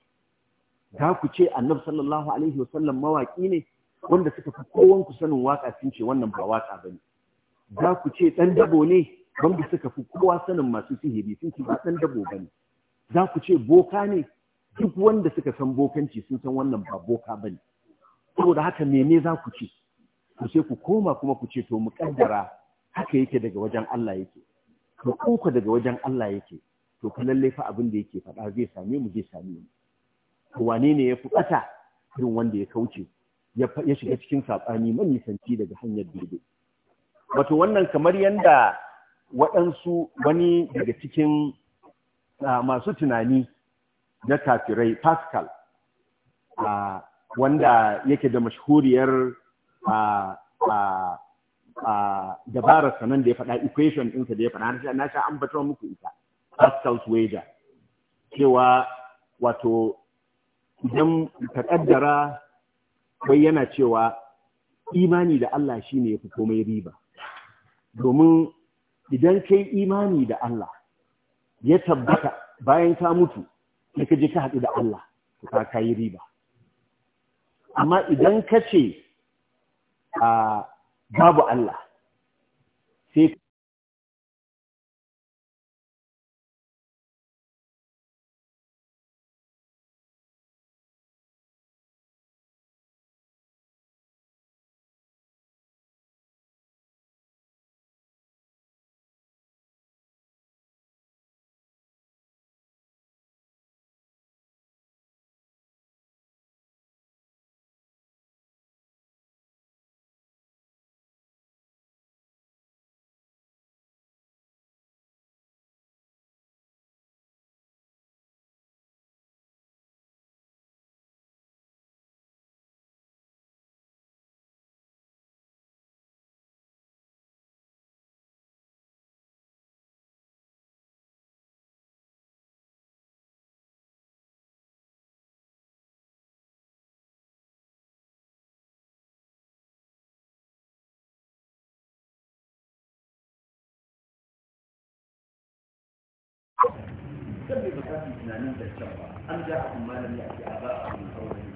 za ku ce annabi sallallahu alaihi wasallam mawaki ne wanda suka fi kowan ku sanin waka sun ce wannan ba waka bane za ku ce ɗan dabo ne wanda suka fi kowa sanin masu sihiri sun ce ba ɗan dabo bane za ku ce boka ne duk wanda suka san bokanci sun san wannan ba boka bane saboda haka mene za ku ce Ku sai ku koma kuma ku ce to mu kaddara haka yake daga wajen Allah yake to kuka daga wajen Allah yake to fa lallai fa abin da yake faɗa zai same mu zai same mu to wane ne ya fi ɓata irin wanda ya kauce ya shiga cikin saɓani manisanci daga hanyar dubu. wato wannan kamar yadda waɗansu wani daga cikin masu tunani na kafirai pascal wanda yake da mashhuriyar dabarar sanan da ya faɗa equation ɗinsa da ya faɗa na sha an batuwa muku ita pascal's wager cewa wato idan ka ƙaddara wai yana cewa imani da Allah shi shine fi komai riba domin idan kai imani da Allah ya tabbata bayan ka mutu sai ka je ka haɗu da Allah ka yi riba amma idan ka ce ah, babu Allah sai san bai bukatar tunanin da kyau ba an ja a kuma malami a ce a ba a kawai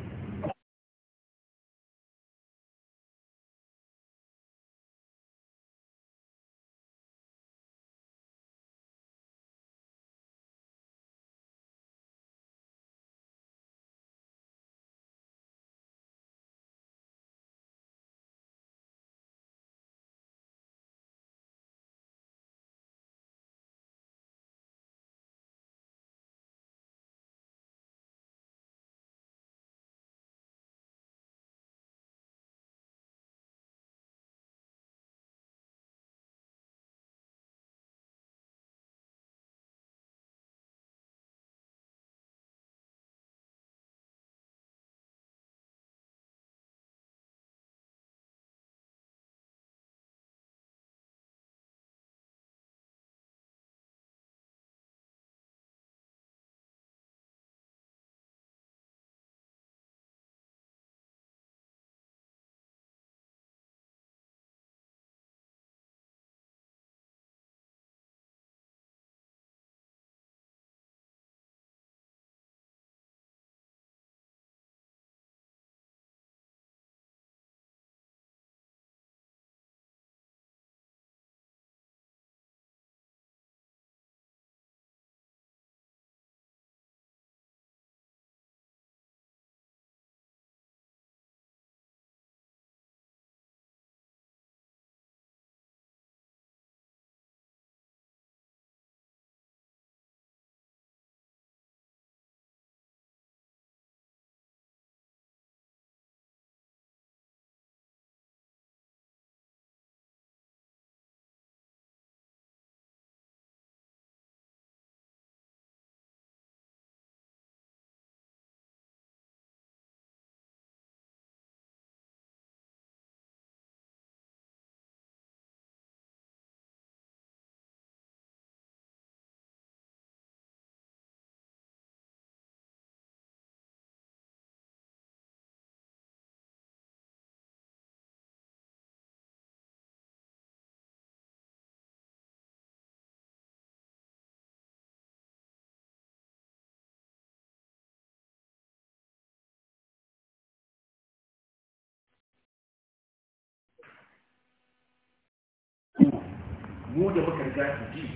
mu da muka riga su ji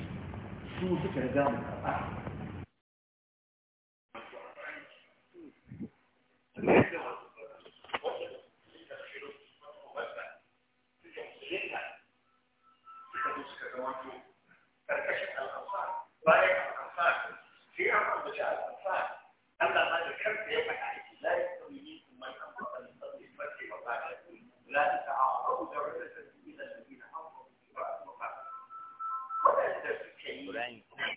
su suka riga mu karɓa bayan al'amfar sai an ambaci al'amfar Allah ba da kansa ya faɗa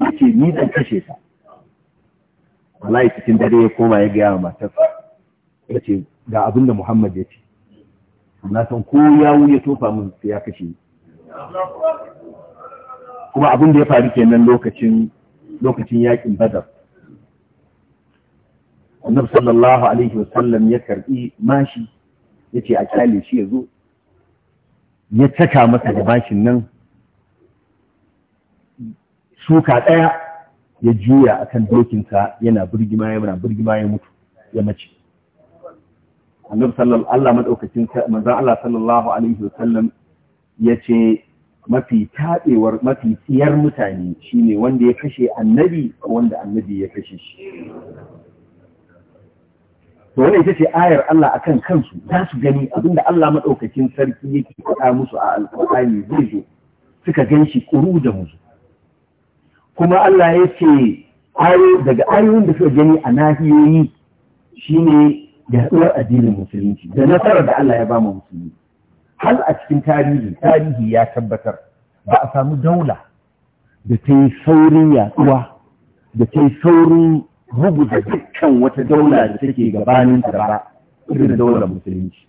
ya ce ni zan kashe ta wallahi cikin dare ya koma ya gaya wa matarsa ya ce ga abin muhammad ya ce na san ko yawu ya tofa min sai ya kashe kuma abin da ya faru kenan lokacin lokacin yakin badar annabi sallallahu alaihi wasallam ya karbi mashi yace a kyale shi ya zo ya caka masa da bashin nan shuka ɗaya ya juya kan dokinsa yana birgima yana birgima ya mutu ya mace Allah madaukakin manzon Allah sallallahu alaihi wasallam ce mafi taɗewar mafi tsiyar mutane shi ne wanda ya kashe annabi ko wanda annabi ya kashe shi to wani ita ce ayar Allah akan kansu za su gani abinda Allah maɗaukacin sarki yake faɗa musu a alƙur'ani zai zo suka ganshi ƙuru da musu kuma Allah ya ce daga ayoyin da suka gani a nahiyoyi shine yaduwar addinin musulunci da nasarar da Allah ya ba mu musulmi hal a cikin tarihi tarihi ya tabbatar ba a samu daula da ta yi saurin yaduwa da ta yi saurin rubuta dukkan wata daula da take gabanin ba irin daular musulunci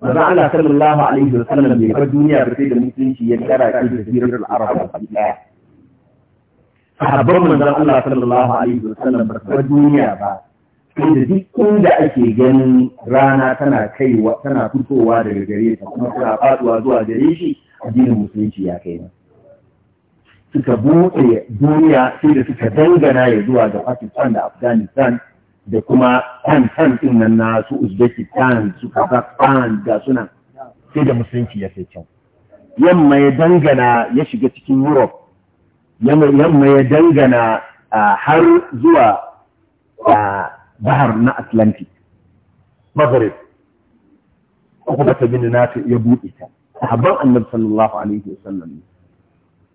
Manzo Allah sallallahu alaihi wa sallam bai bar duniya ba sai da musulunci ya kara shi da sirar al-arab ɗaya. sahabban manzon Allah sallallahu alaihi wasallam ba su duniya ba sai da duk inda ake ganin rana tana kaiwa tana fitowa daga gare ta kuma tana faduwa zuwa gare shi addinin musulunci ya kai nan suka buɗe duniya sai da suka dangana ya zuwa ga Pakistan da Afghanistan da kuma kan ɗin nan na su Uzbekistan su Kazakhstan ga sunan sai da musulunci ya kai can yamma ya dangana ya shiga cikin Europe yamma ya dangana har zuwa bahar na Atlantic, Maghrib, uku ba ta bin ya buɗe ta, sahabban annabi sallallahu Alaihi wasallam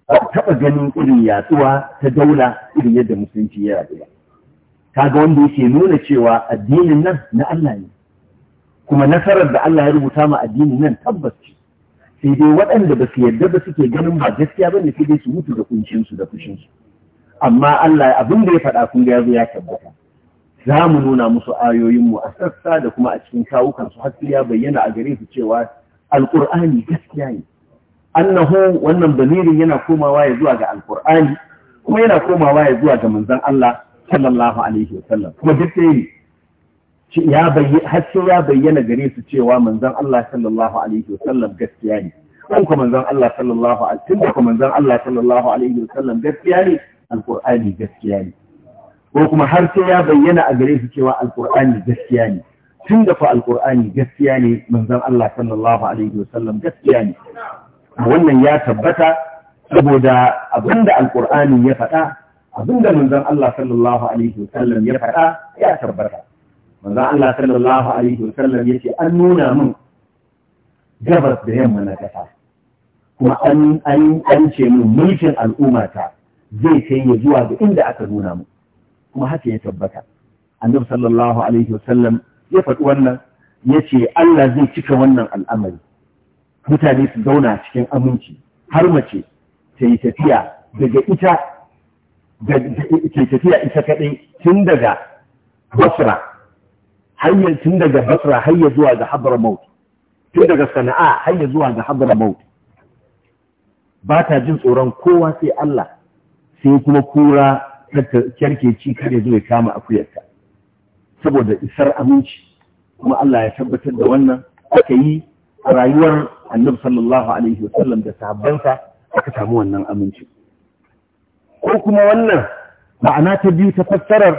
ba taɓa ganin irin yatsuwa ta daula irin yadda musulunci ya yaɗu ba. Kaga wanda yake nuna cewa addinin nan na Allah ne, kuma nasarar da Allah ya rubuta ma addinin nan tabbas ce. sai dai waɗanda ba su yarda ba suke ganin ba gaskiya ba ne sai dai su mutu da kuncinsu da fushinsu amma Allah abin da ya faɗa kun ga yazo ya tabbata za mu nuna musu ayoyin mu a sassa da kuma a cikin kawukansu har sai ya bayyana a gare su cewa alƙur'ani gaskiya ne annahu wannan bamirin yana komawa ya zuwa ga alƙur'ani kuma yana komawa ya zuwa ga manzon Allah sallallahu alaihi wasallam kuma duk sai har sai ya bayyana gare su cewa manzon Allah sallallahu alaihi wasallam gaskiya ne an kuma manzon Allah sallallahu alaihi tunda kuma manzon Allah sallallahu alaihi wasallam gaskiya ne alqur'ani gaskiya ne ko kuma har sai ya bayyana a gare su cewa alqur'ani gaskiya ne tun da fa alqur'ani gaskiya ne manzon Allah sallallahu alaihi wasallam gaskiya ne wannan ya tabbata saboda abinda alqur'ani ya faɗa abinda manzon Allah sallallahu alaihi wasallam ya faɗa ya tabbata manzo Allah sallallahu alaihi wasallam yace an nuna min gabas da yamma na kasa kuma an an an ce min mulkin al'ummata zai kai ya zuwa ga inda aka nuna mu kuma haka ya tabbata annabi sallallahu alaihi sallam ya faɗi wannan yace Allah zai cika wannan al'amari mutane su zauna cikin aminci har mace ta yi tafiya daga ita ta tafiya ita kaɗai tun daga Basra hanyar tun daga basra hayya zuwa ga tun daga sana'a hayya zuwa ga hadramaut ba ta jin tsoron kowa sai Allah sai kuma kura kyarkeci kare zo ya kama akuyarta saboda isar aminci kuma Allah ya tabbatar da wannan aka yi a rayuwar annabi sallallahu alaihi wasallam da sahabbansa aka samu wannan aminci ko kuma wannan ma'ana ta biyu ta fassarar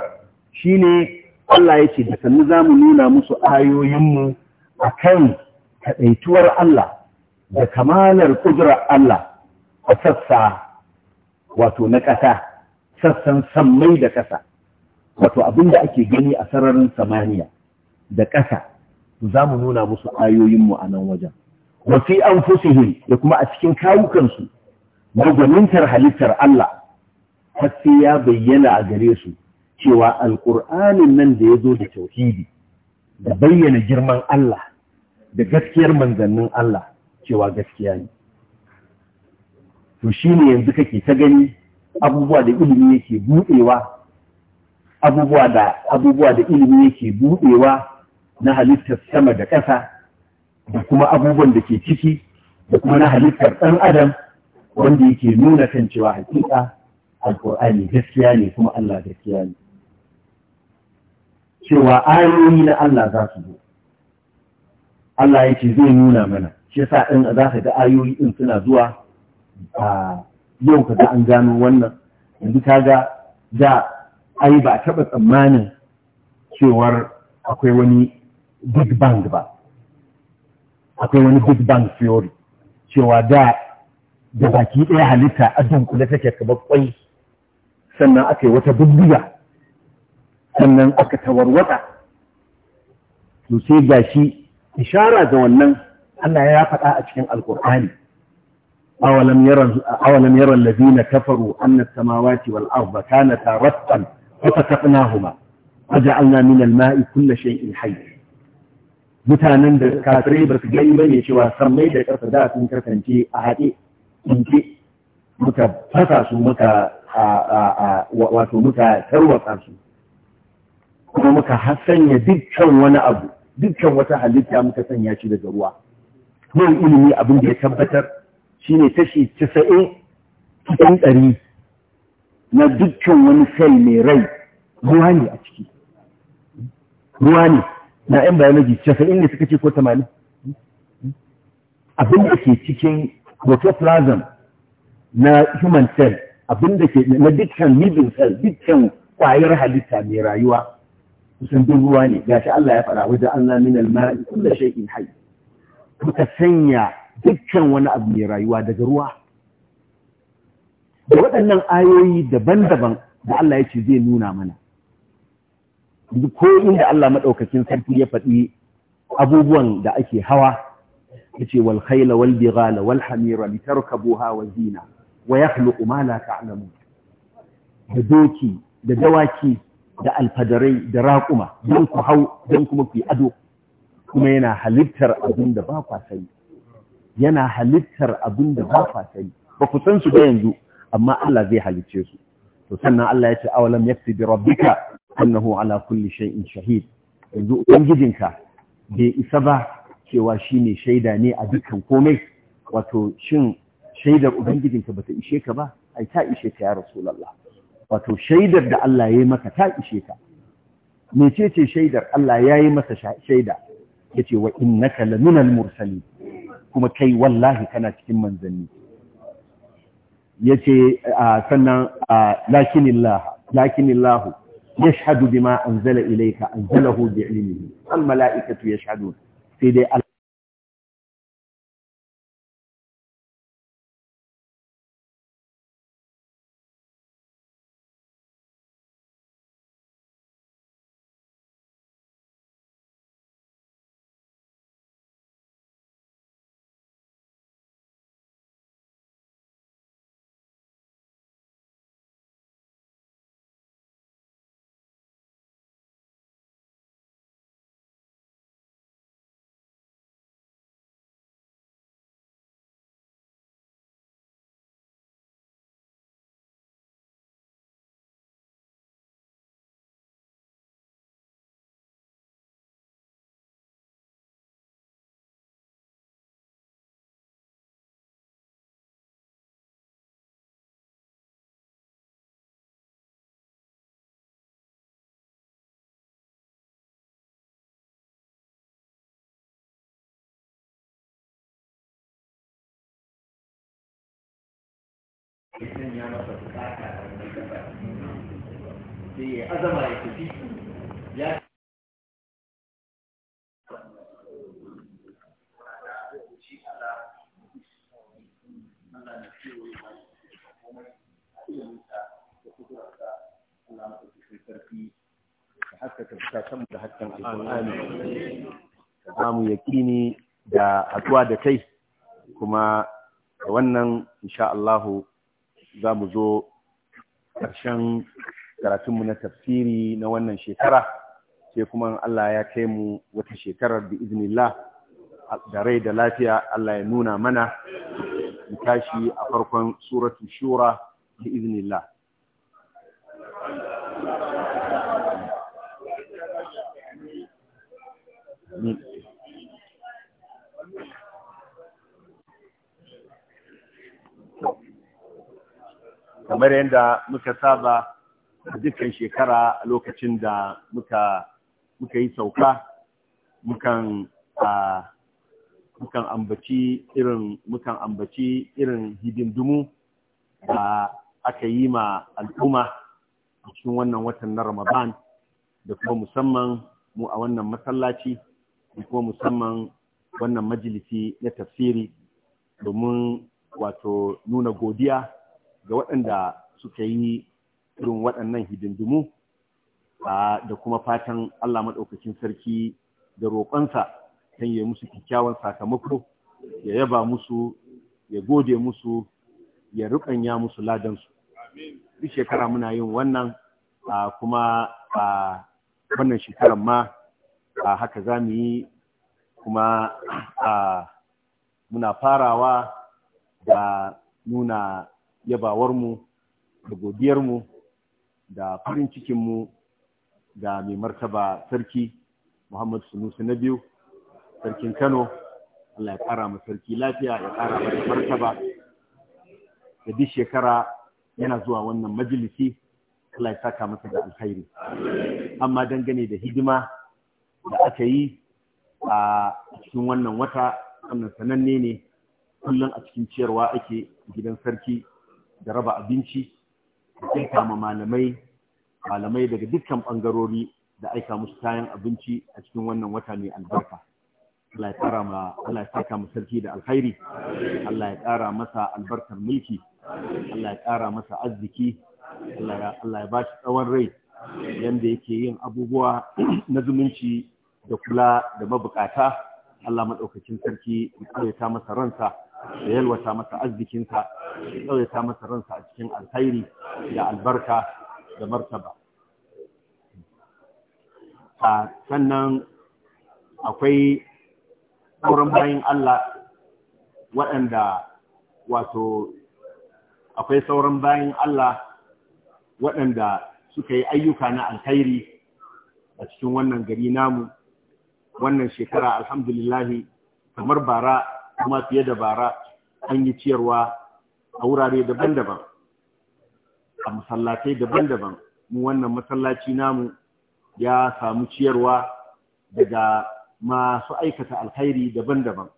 shine Allah ya ce da sannu za mu nuna musu ayoyinmu a kan kaɗaituwar Allah da kamalar ƙudurar Allah a sassa wato na ƙasa, sassan sammai da ƙasa, wato abin da ake gani a sararin samaniya da ƙasa, za mu nuna musu ayoyinmu a nan wajen. Wafi an fusihin da kuma a cikin kawukansu, magwamintar halittar Allah, har ya bayyana a gare su, cewa alƙur'anin nan da ya zo da tauhidi da bayyana girman Allah da gaskiyar manzannin Allah cewa gaskiya ne to shi ne yanzu kake ta gani abubuwa da ilimi yake buɗewa abubuwa da ilimi yake buɗewa na halittar sama da ƙasa da kuma abubuwan da ke ciki da kuma na halittar ɗan adam wanda yake nuna kan cewa hakika alƙur'ani gaskiya ne kuma Allah gaskiya ne cewa ayoyi na Allah za su zo Allah ya ce zai nuna mana shi yasa in za ka ga ayoyi in suna zuwa a yau ka ga an gano wannan yanzu ka ga da ai ba a taɓa tsammanin cewar akwai wani big bang ba akwai wani big bang theory cewa da da baki ɗaya halitta a dunkule take kamar kwai sannan aka yi wata bindiga sannan aka tawarwata to sai gashi ishara ga wannan Allah ya faɗa a cikin alkur'ani awalam yaran awalam yaran ladina kafaru anna samawati wal arda kanata rattan fataknahuma waja'alna min al-ma'i shay'in hayy mutanen da kafirai ba su gani bane cewa sammai da ƙasa da sun kasance a haɗe inke muka fasa su muka wato muka tarwatsa su kuma muka hasanya dukkan wani abu dukkan wata halitta muka sanya shi daga ruwa mun ilimi abin da ya tabbatar shine tashi 90 cikin ɗari na dukkan wani sai mai rai ruwa ne a ciki ruwa ne na yan biology 90 ne suka ce ko 80 abin da ke cikin protoplasm na human cell abin da ke na dukkan living cell dukkan kwayar halitta mai rayuwa kusan duk ruwa ne gashi Allah ya faɗa wajen Allah min al-ma'i kullu shay'in hayy kuka sanya dukkan wani abu mai rayuwa daga ruwa da waɗannan ayoyi daban-daban da Allah ya ce zai nuna mana ko inda Allah maɗaukakin sarki ya faɗi abubuwan da ake hawa ya ce wal khayla wal bighala wal hamira litarkabuha wa zina wa yakhluqu ma la ta'lamun da doki da dawaki da alfadarai da raƙuma don ku hau don kuma ku yi ado kuma yana halittar abin da ba kwa sani yana halittar abin da ba kwa sani ba ku san su da yanzu amma Allah zai halicce su to sannan Allah ya ce awalam yakfi bi rabbika annahu ala kulli shay'in shahid yanzu ubangijinka bai isa ba cewa shine shaida ne a dukkan komai wato shin shaidar ubangijinka bata ishe ka ba ai ta ishe ka ya rasulullah wato shaidar da Allah ya yi maka ta ishe ka mece ce shaidar Allah ya yi masa shaida ya ce wa innaka laminal mursali kuma kai wallahi kana cikin manzanni ya ce sannan lakinillahu lakinillahu yashhadu bima anzala ilaika anzalahu bi'ilmihi al mala'ikatu yashhadun sai dai idan ya masa bukata da wani gaba sai ya azama ya tafi ya ta samu da ka yakini da da kai kuma wannan insha Allahu za mu zo ƙarshen karatunmu na tafsiri na wannan shekara sai kuma Allah ya kai mu wata shekarar bi izinillah da rai da lafiya Allah ya nuna mana mu tashi a farkon suratul shura bi Mm-hmm. kamar yadda muka saba a dukkan shekara lokacin da muka yi sauka mukan ambaci irin mukan hidindumu da aka yi ma al'umma a cikin wannan watan na Ramadan da kuma musamman mu a wannan masallaci da kuma musamman wannan majalisi na tafsiri domin wato nuna godiya ga waɗanda suka yi irin waɗannan hidindimu da kuma fatan Allah maɗaukakin sarki da roƙonsa kan yi musu kyakkyawan sakamako ya yaba musu ya gode musu ya rukanya musu ladansu duk shekara muna yin wannan kuma a wannan shekarar ma a haka za mu yi kuma a muna farawa da nuna yabawarmu da godiyarmu da farin cikinmu ga mai martaba sarki Muhammad Sunusi na biyu sarkin Kano Allah ya kara mu sarki lafiya ya kara mu martaba da duk shekara yana zuwa wannan majalisi Allah ya saka masa da alkhairi amma dangane da hidima da aka yi a cikin wannan wata wannan sananne ne kullum a cikin ciyarwa ake gidan sarki da raba abinci da aika ma malamai malamai daga dukkan bangarori da aika musu kayan abinci a cikin wannan wata mai albarka Allah ya tsara ma Allah mu sarki da alkhairi Allah ya ƙara masa albarkar mulki Allah ya ƙara masa arziki Allah ya ba shi tsawon rai yanda yake yin abubuwa na zumunci da kula da mabukata Allah maɗaukacin sarki ya ta masa ransa da yalwata masa arzikinsa ya tsawaita masa ransa a cikin alkhairi da albarka da martaba a sannan akwai sauran bayan Allah waɗanda wato akwai sauran bayan Allah waɗanda suka yi ayyuka na alkhairi a cikin wannan gari namu wannan shekara alhamdulillahi kamar bara kuma fiye da bara an yi ciyarwa a wurare daban-daban a masallatai daban-daban mu wannan masallaci namu ya samu ciyarwa daga masu aikata alkhairi daban-daban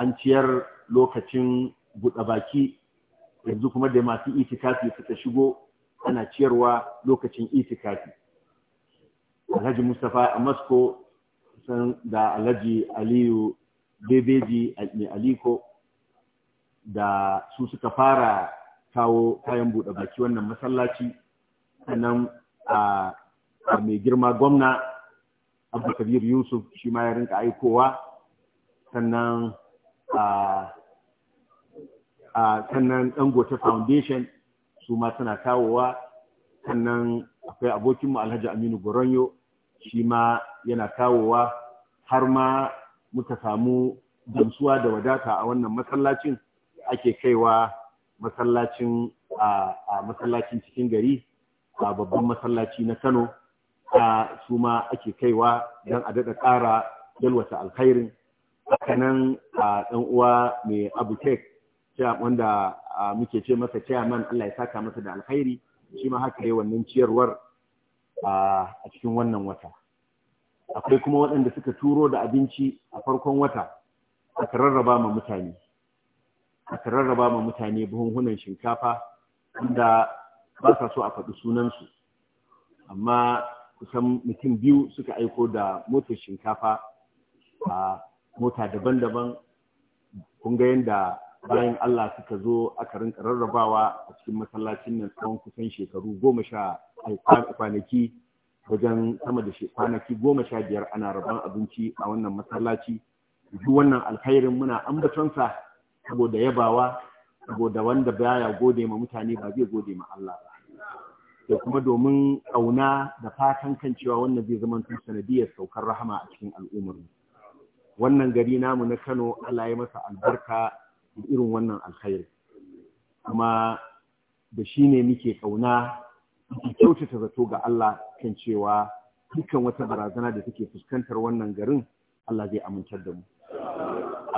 an ciyar lokacin buɗa baki yanzu kuma da masu itikafi suka shigo ana ciyarwa lokacin itikafi alhaji mustapha a masko da alhaji aliyu bebeji mai aliko da su suka fara kawo kayan buɗe baki wannan masallaci sannan a mai girma gwamna abu kabir yusuf shi ma ya rinka aikowa sannan a sannan dangote foundation su ma suna kawowa sannan akwai abokinmu alhaji aminu goronyo shi ma yana kawowa har ma muka samu gamsuwa da wadata a wannan masallacin ake kaiwa masallacin a masallacin cikin gari a babban masallaci na Kano a su ma ake kaiwa don a daɗa kara yalwata alkhairin kanan a ɗan uwa mai abu tek, wanda muke ce masa chairman Allah ya saka masa da alkhairi shi ma haka yi wannan ciyarwar a cikin wannan wata akwai kuma waɗanda suka turo da abinci a farkon wata aka rarraba ma mutane aka rarraba ma mutane buhunhunan shinkafa inda ba sa so a faɗi sunansu amma kusan mutum biyu suka aiko da motar shinkafa a mota daban-daban kunga da yadda bayan Allah suka zo aka rinka rarrabawa a cikin masallacin nan tsawon kusan shekaru goma sha kwanaki wajen sama da kwanaki goma sha biyar ana rabon abinci a wannan masallaci duk wannan alkhairin muna ambatonsa saboda yabawa saboda wanda baya gode ma mutane ba zai gode ma Allah ba da kuma domin ƙauna da fatan kan cewa wannan zai zama sanadiyar saukar rahama a cikin al'ummar wannan gari namu na Kano Allah ya masa albarka da irin wannan alkhairi kuma da shi ne muke ƙauna muke kyautata zato ga Allah kan cewa dukkan wata barazana da take fuskantar wannan garin Allah zai amintar da mu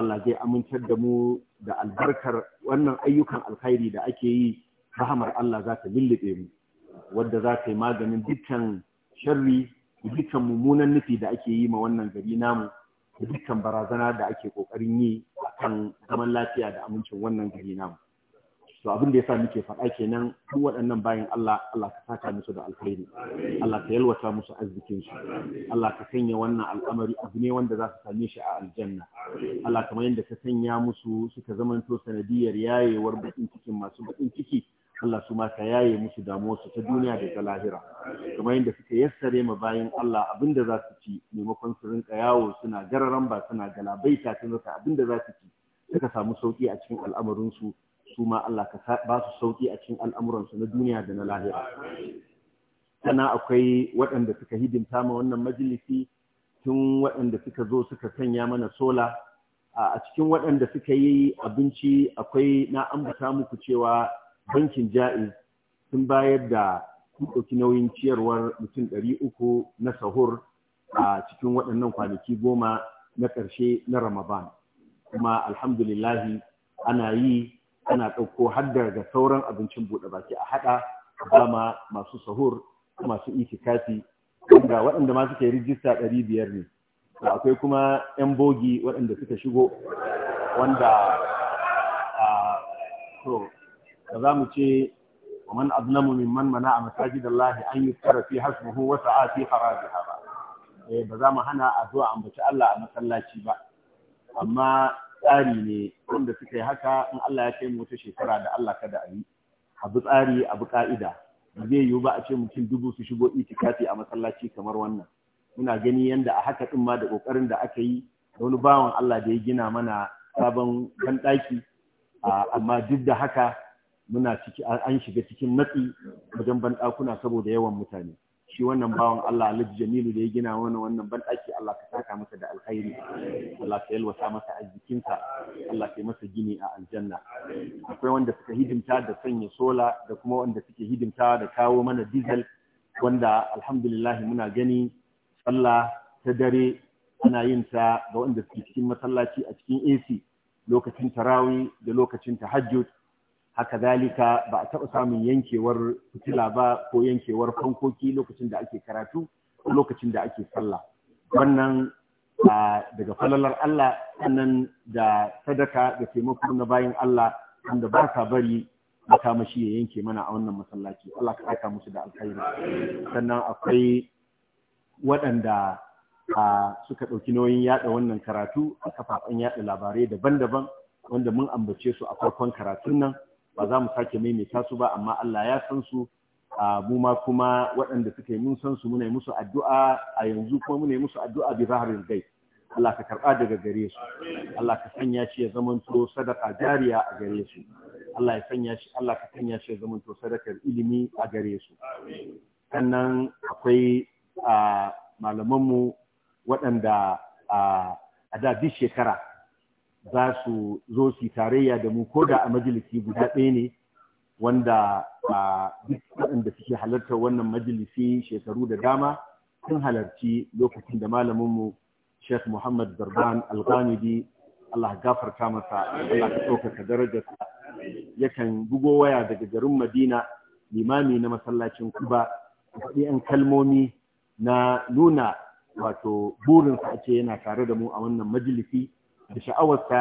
Allah zai amintar da mu da albarkar wannan ayyukan alkhairi da ake yi rahamar Allah za ta lullube mu wadda za ta yi maganin dukkan sharri da dukkan mummunan nufi da ake yi ma wannan gari namu da dukkan barazana da ake kokarin yi akan zaman lafiya da amincin wannan gari namu to abin da yasa muke faɗa kenan duk waɗannan bayan Allah Allah ka saka musu da alkhairi Allah ka yalwata musu arzikin su Allah ka sanya wannan al'amari abu ne wanda za su same shi a aljanna Allah kamar yadda ka sanya musu suka zamanto sanadiyar yayewar bakin cikin masu bakin ciki Allah su ma yaye musu damuwarsu ta duniya da ta lahira kamar yadda suka yassare ma bayan Allah abin da za su ci maimakon su rinka yawo suna gararan ba suna galabaita sun rasa abin da za su ci suka samu sauki a cikin al'amarinsu su ma Allah ka ba su sauki a cikin al'amuransu na duniya da na lahira. Sana akwai waɗanda suka hidimta ma wannan majalisi tun waɗanda suka zo suka sanya mana sola. A cikin waɗanda suka yi abinci akwai na ambata muku cewa bankin ja'iz sun bayar da ɗauki nauyin ciyarwar mutum ɗari uku na sahur a cikin waɗannan kwanaki goma na ƙarshe na Ramadan. Kuma alhamdulillahi ana yi ana ɗauko har daga sauran abincin buɗe baki a haɗa dama masu sahur masu kafi ga waɗanda ma suke rijista ɗari biyar ne akwai kuma 'yan bogi waɗanda suka shigo wanda to da za mu ce wa man azlamu man mana a masajid Allah an yi fi hasmuhu wa sa'a fi harajiha ba eh, ba za mu hana a zuwa ambaci Allah a masallaci ba amma tsari ne wanda suka yi haka in Allah ya kai mu wata shekara da Allah kada a yi abu tsari abu ka'ida ba zai yiwu ba a ce mutum dubu su shigo itikafi a masallaci kamar wannan muna gani yanda a haka din ma da kokarin da aka yi da wani bawan Allah da ya gina mana sabon banɗaki amma duk da haka muna ciki an shiga cikin matsi wajen banɗakuna saboda yawan mutane shi wannan bawan Allah Alhaji Jamilu da ya gina mana wannan banɗaki Allah ka saka masa da alkhairi Allah ka yalwata masa arzikinsa Allah ka yi masa gini a aljanna akwai wanda suka hidimta da sanya sola da kuma wanda suke hidimta da kawo mana diesel wanda alhamdulillah muna gani sallah ta dare ana yin ta ga wanda suke cikin masallaci a cikin AC lokacin tarawi da lokacin tahajjud haka dalika ba a taɓa samun yankewar fitila ba ko yankewar fankoki lokacin da ake karatu ko lokacin da ake sallah wannan daga falalar Allah sannan da sadaka da taimako na bayan Allah wanda ba sa bari makamashi ya yanke mana a wannan masallaci Allah ka aika musu da alkhairi sannan akwai waɗanda suka ɗauki nauyin yaɗa wannan karatu a kafafen yaɗa labarai daban-daban wanda mun ambace su a farkon karatun nan ba za mu sake maimaita su ba amma Allah ya san su mu ma kuma waɗanda suka yi mun san su muna yi musu addu'a a yanzu kuma muna yi musu addu'a bi zaharil gaib Allah ka karɓa daga gare su Allah ka sanya shi ya zamanto sadaka jariya a gare su Allah ya sanya shi Allah ka sanya shi ya to sadakar ilimi a gare su sannan akwai malaman mu waɗanda a da bi shekara za su zo su tarayya da mu ko da a majalisi guda ɗaya ne wanda duk waɗanda suke halartar wannan majalisi shekaru da dama sun halarci lokacin da malaminmu Sheikh Muhammad Barban Al-Ghamidi Allah gafarta masa Allah ya ɗaukaka darajarsa yakan bugo waya daga garin Madina limami na masallacin Kuba faɗi ‘yan kalmomi na nuna wato burinsa a ce yana tare da mu a wannan majalisi da sha'awarsa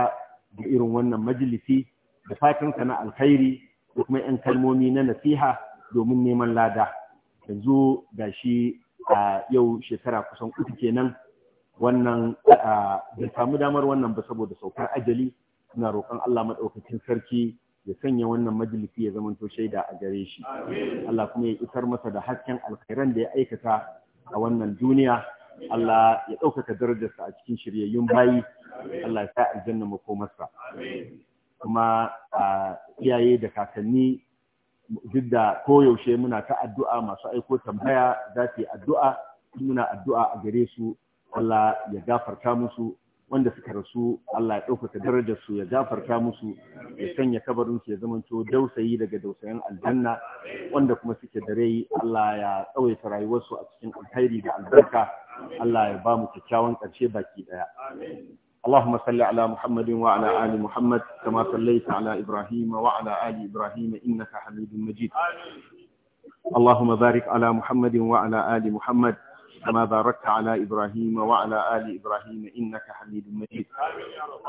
da irin wannan majalisi da fatansa na alkhairi da kuma 'yan kalmomi na nasiha domin neman lada yanzu ga shi a yau shekara kusan uku kenan wannan samu damar wannan ba saboda saukar ajali suna roƙon Allah maɗaukacin sarki ya sanya wannan majalisi ya zamanto shaida a gare shi Allah kuma ya isar masa da hasken alkhairan da ya aikata a wannan duniya Allah ya ɗaukaka darajarsa a cikin shiryayyun bayi Allah ya sa aljanna makomarsa kuma iyaye da kakanni duk da koyaushe muna ta addu'a masu aiko tambaya za su yi addu'a muna addu'a a gare su Allah ya gafarta musu wanda suka rasu Allah ya ɗaukaka darajar su ya gafarta musu ya sanya kabarin su ya zamanto dausayi daga dausayin aljanna wanda kuma suke da rai Allah ya tsawaita rayuwar su a cikin alkhairi da albarka Allah ya ba mu kyakkyawan ƙarshe baki daya اللهم صل على محمد وعلى آل محمد كما صليت على إبراهيم وعلى آل إبراهيم إنك حميد مجيد اللهم بارك على محمد وعلى آل محمد كما باركت على إبراهيم وعلى آل إبراهيم إنك حميد مجيد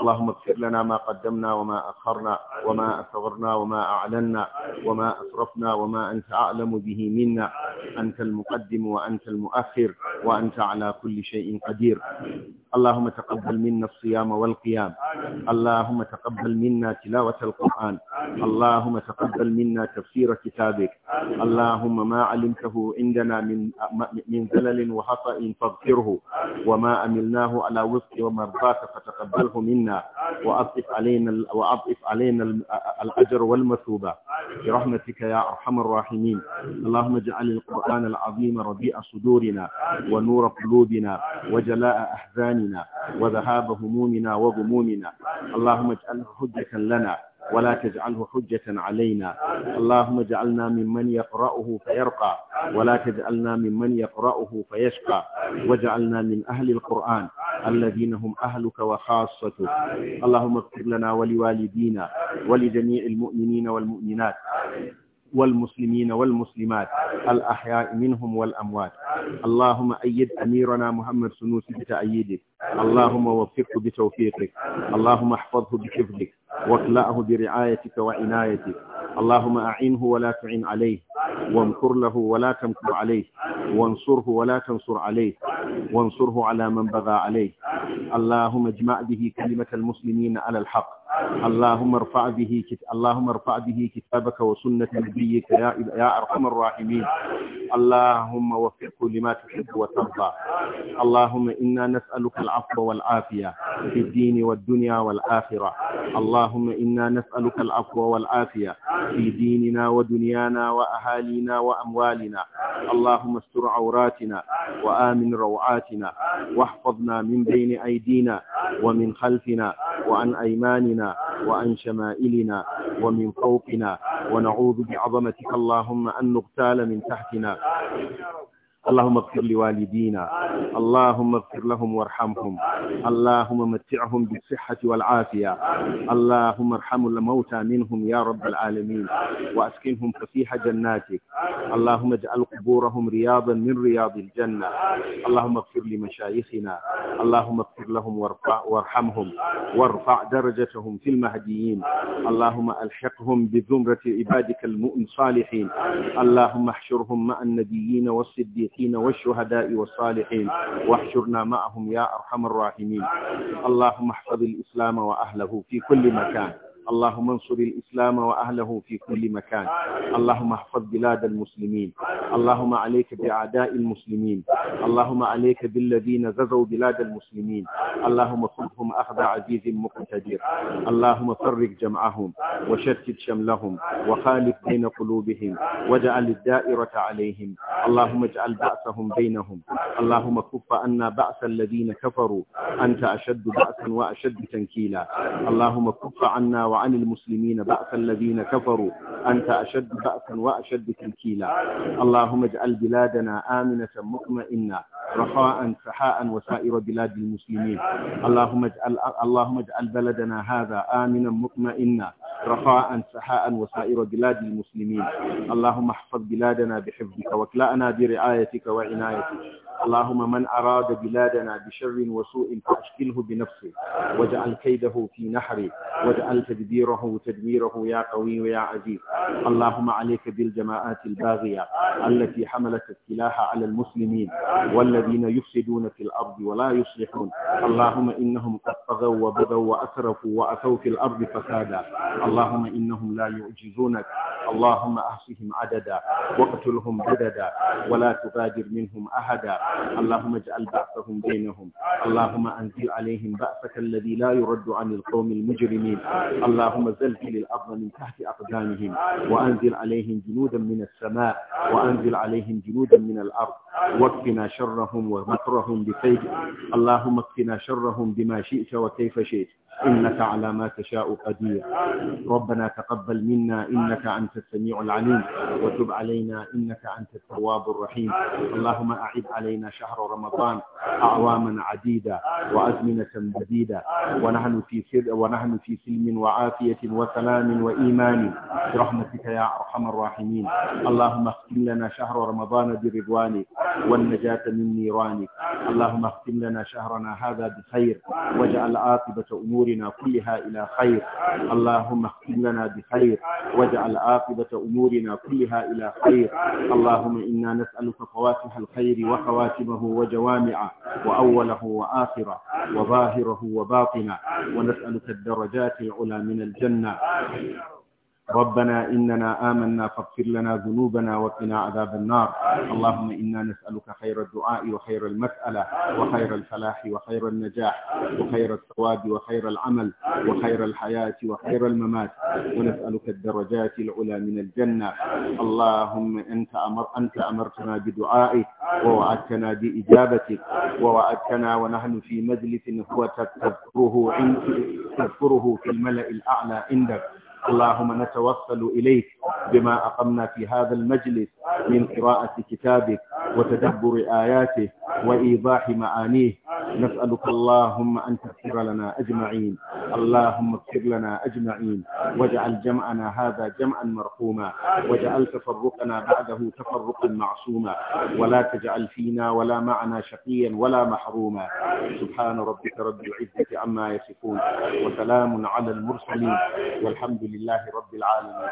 اللهم اغفر لنا ما قدمنا وما أخرنا وما أسررنا وما أعلنا وما أسرفنا وما أنت أعلم به منا أنت المقدم وأنت المؤخر وأنت على كل شيء قدير اللهم تقبل منا الصيام والقيام اللهم تقبل منا تلاوة القرآن اللهم تقبل منا تفسير كتابك اللهم ما علمته عندنا من من زلل وخطأ فاغفره وما أملناه على وفق ومرضاك فتقبله منا وأضف علينا وأضف علينا الأجر والمثوبة برحمتك يا أرحم الراحمين اللهم اجعل القرآن العظيم ربيع صدورنا ونور قلوبنا وجلاء أحزاننا آلامنا وذهاب همومنا وغمومنا اللهم اجعله حجة لنا ولا تجعله حجة علينا اللهم اجعلنا ممن يقرأه فيرقى ولا تجعلنا ممن يقرأه فيشقى واجعلنا من أهل القرآن الذين هم أهلك وخاصتك اللهم اغفر لنا ولوالدينا ولجميع المؤمنين والمؤمنات والمسلمين والمسلمات الأحياء منهم والأموات اللهم أيد أميرنا محمد سنوسي بتأييدك اللهم وفقه بتوفيقك اللهم احفظه بحفظك واكلأه برعايتك وعنايتك اللهم أعينه ولا تعين عليه وامكر له ولا تمكر عليه وانصره ولا تنصر عليه وانصره على من بغى عليه اللهم اجمع به كلمة المسلمين على الحق اللهم ارفع به كت... اللهم ارفع به كتابك وسنة نبيك يا يا ارحم الراحمين اللهم وفقه لما تحب وترضى اللهم انا نسألك والعفو والعافية في الدين والدنيا والآخرة اللهم إنا نسألك العفو والعافية في ديننا ودنيانا وأهالينا وأموالنا اللهم استر عوراتنا وآمن روعاتنا واحفظنا من بين أيدينا ومن خلفنا وعن أيماننا وعن شمائلنا ومن فوقنا ونعوذ بعظمتك اللهم أن نغتال من تحتنا اللهم اغفر لوالدينا اللهم اغفر لهم وارحمهم اللهم متعهم بالصحة والعافية اللهم ارحم الموتى منهم يا رب العالمين وأسكنهم فسيح جناتك اللهم اجعل قبورهم رياضا من رياض الجنة اللهم اغفر لمشايخنا اللهم اغفر لهم وارفع وارحمهم وارفع درجتهم في المهديين اللهم ألحقهم بزمرة عبادك المؤمن صالحين اللهم احشرهم مع النبيين والصديقين والصديقين والشهداء والصالحين واحشرنا معهم يا أرحم الراحمين اللهم احفظ الإسلام وأهله في كل مكان اللهم انصر الإسلام وأهله في كل مكان اللهم احفظ بلاد المسلمين اللهم عليك بأعداء المسلمين اللهم عليك بالذين غزوا بلاد المسلمين اللهم خذهم أخذ عزيز مقتدر اللهم فرق جمعهم وشتت شملهم وخالف بين قلوبهم واجعل الدائرة عليهم اللهم اجعل بأسهم بينهم اللهم كف عنا بأس الذين كفروا أنت أشد بأسا وأشد تنكيلا اللهم كف عنا وعن المسلمين بأس الذين كفروا أنت أشد بأسا وأشد تنكيلا اللهم اجعل بلادنا آمنة مطمئنة رخاء سحاء وسائر بلاد المسلمين اللهم اجعل اللهم اجعل بلدنا هذا آمنا مطمئنا رخاء سحاء وسائر بلاد المسلمين اللهم احفظ بلادنا بحفظك واكلأنا برعايتك وعنايتك اللهم من أراد بلادنا بشر وسوء فأشكله بنفسه واجعل كيده في نحره واجعل تدبيره تدميره يا قوي ويا عزيز اللهم عليك بالجماعات الباغية التي حملت السلاح على المسلمين والذين يفسدون في الأرض ولا يصلحون اللهم إنهم قد طغوا وبغوا وأسرفوا وأتوا في الأرض فسادا اللهم إنهم لا يعجزونك اللهم أحصهم عددا واقتلهم بددا ولا تبادر منهم أحدا اللهم اجعل بأسهم بينهم اللهم أنزل عليهم بأسك الذي لا يرد عن القوم المجرمين اللهم زلزل الأرض من تحت أقدامهم وأنزل عليهم جنودا من السماء وأنزل عليهم جنودا من الأرض واكفنا شرهم ومكرهم بسيف اللهم اكفنا شرهم بما شئت وكيف شئت إنك على ما تشاء قدير ربنا تقبل منا إنك أنت السميع العليم وتب علينا إنك أنت التواب الرحيم اللهم أعد علينا شهر رمضان أعواما عديدة وأزمنة مديدة ونحن في سر ونحن في سلم وعافية وسلام وإيمان برحمتك يا أرحم الراحمين اللهم اختم لنا شهر رمضان برضوانك والنجاة من نيرانك اللهم اختم لنا شهرنا هذا بخير واجعل عاقبة أمورنا أمورنا كلها إلى خير اللهم اختم لنا بخير واجعل عاقبة أمورنا كلها إلى خير اللهم إنا نسألك فواتح الخير وخواتمه وجوامعه وأوله وآخره وظاهره وباطنه ونسألك الدرجات العلى من الجنة ربنا إننا آمنا فاغفر لنا ذنوبنا وقنا عذاب النار اللهم إنا نسألك خير الدعاء وخير المسألة وخير الفلاح وخير النجاح وخير الثواب وخير العمل وخير الحياة وخير الممات ونسألك الدرجات العلى من الجنة اللهم أنت, أمر أنت أمرتنا بدعائك ووعدتنا بإجابتك ووعدتنا ونحن في مجلس هو تذكره, تذكره في الملأ الأعلى عندك اللهم نتوصل إليك بما أقمنا في هذا المجلس من قراءة كتابك وتدبر آياته وإيضاح معانيه نسألك اللهم أن تغفر لنا أجمعين اللهم اغفر لنا أجمعين واجعل جمعنا هذا جمعا مرحوما واجعل تفرقنا بعده تفرقا معصوما ولا تجعل فينا ولا معنا شقيا ولا محروما سبحان ربك رب العزة عما يصفون وسلام على المرسلين والحمد لله رب العالمين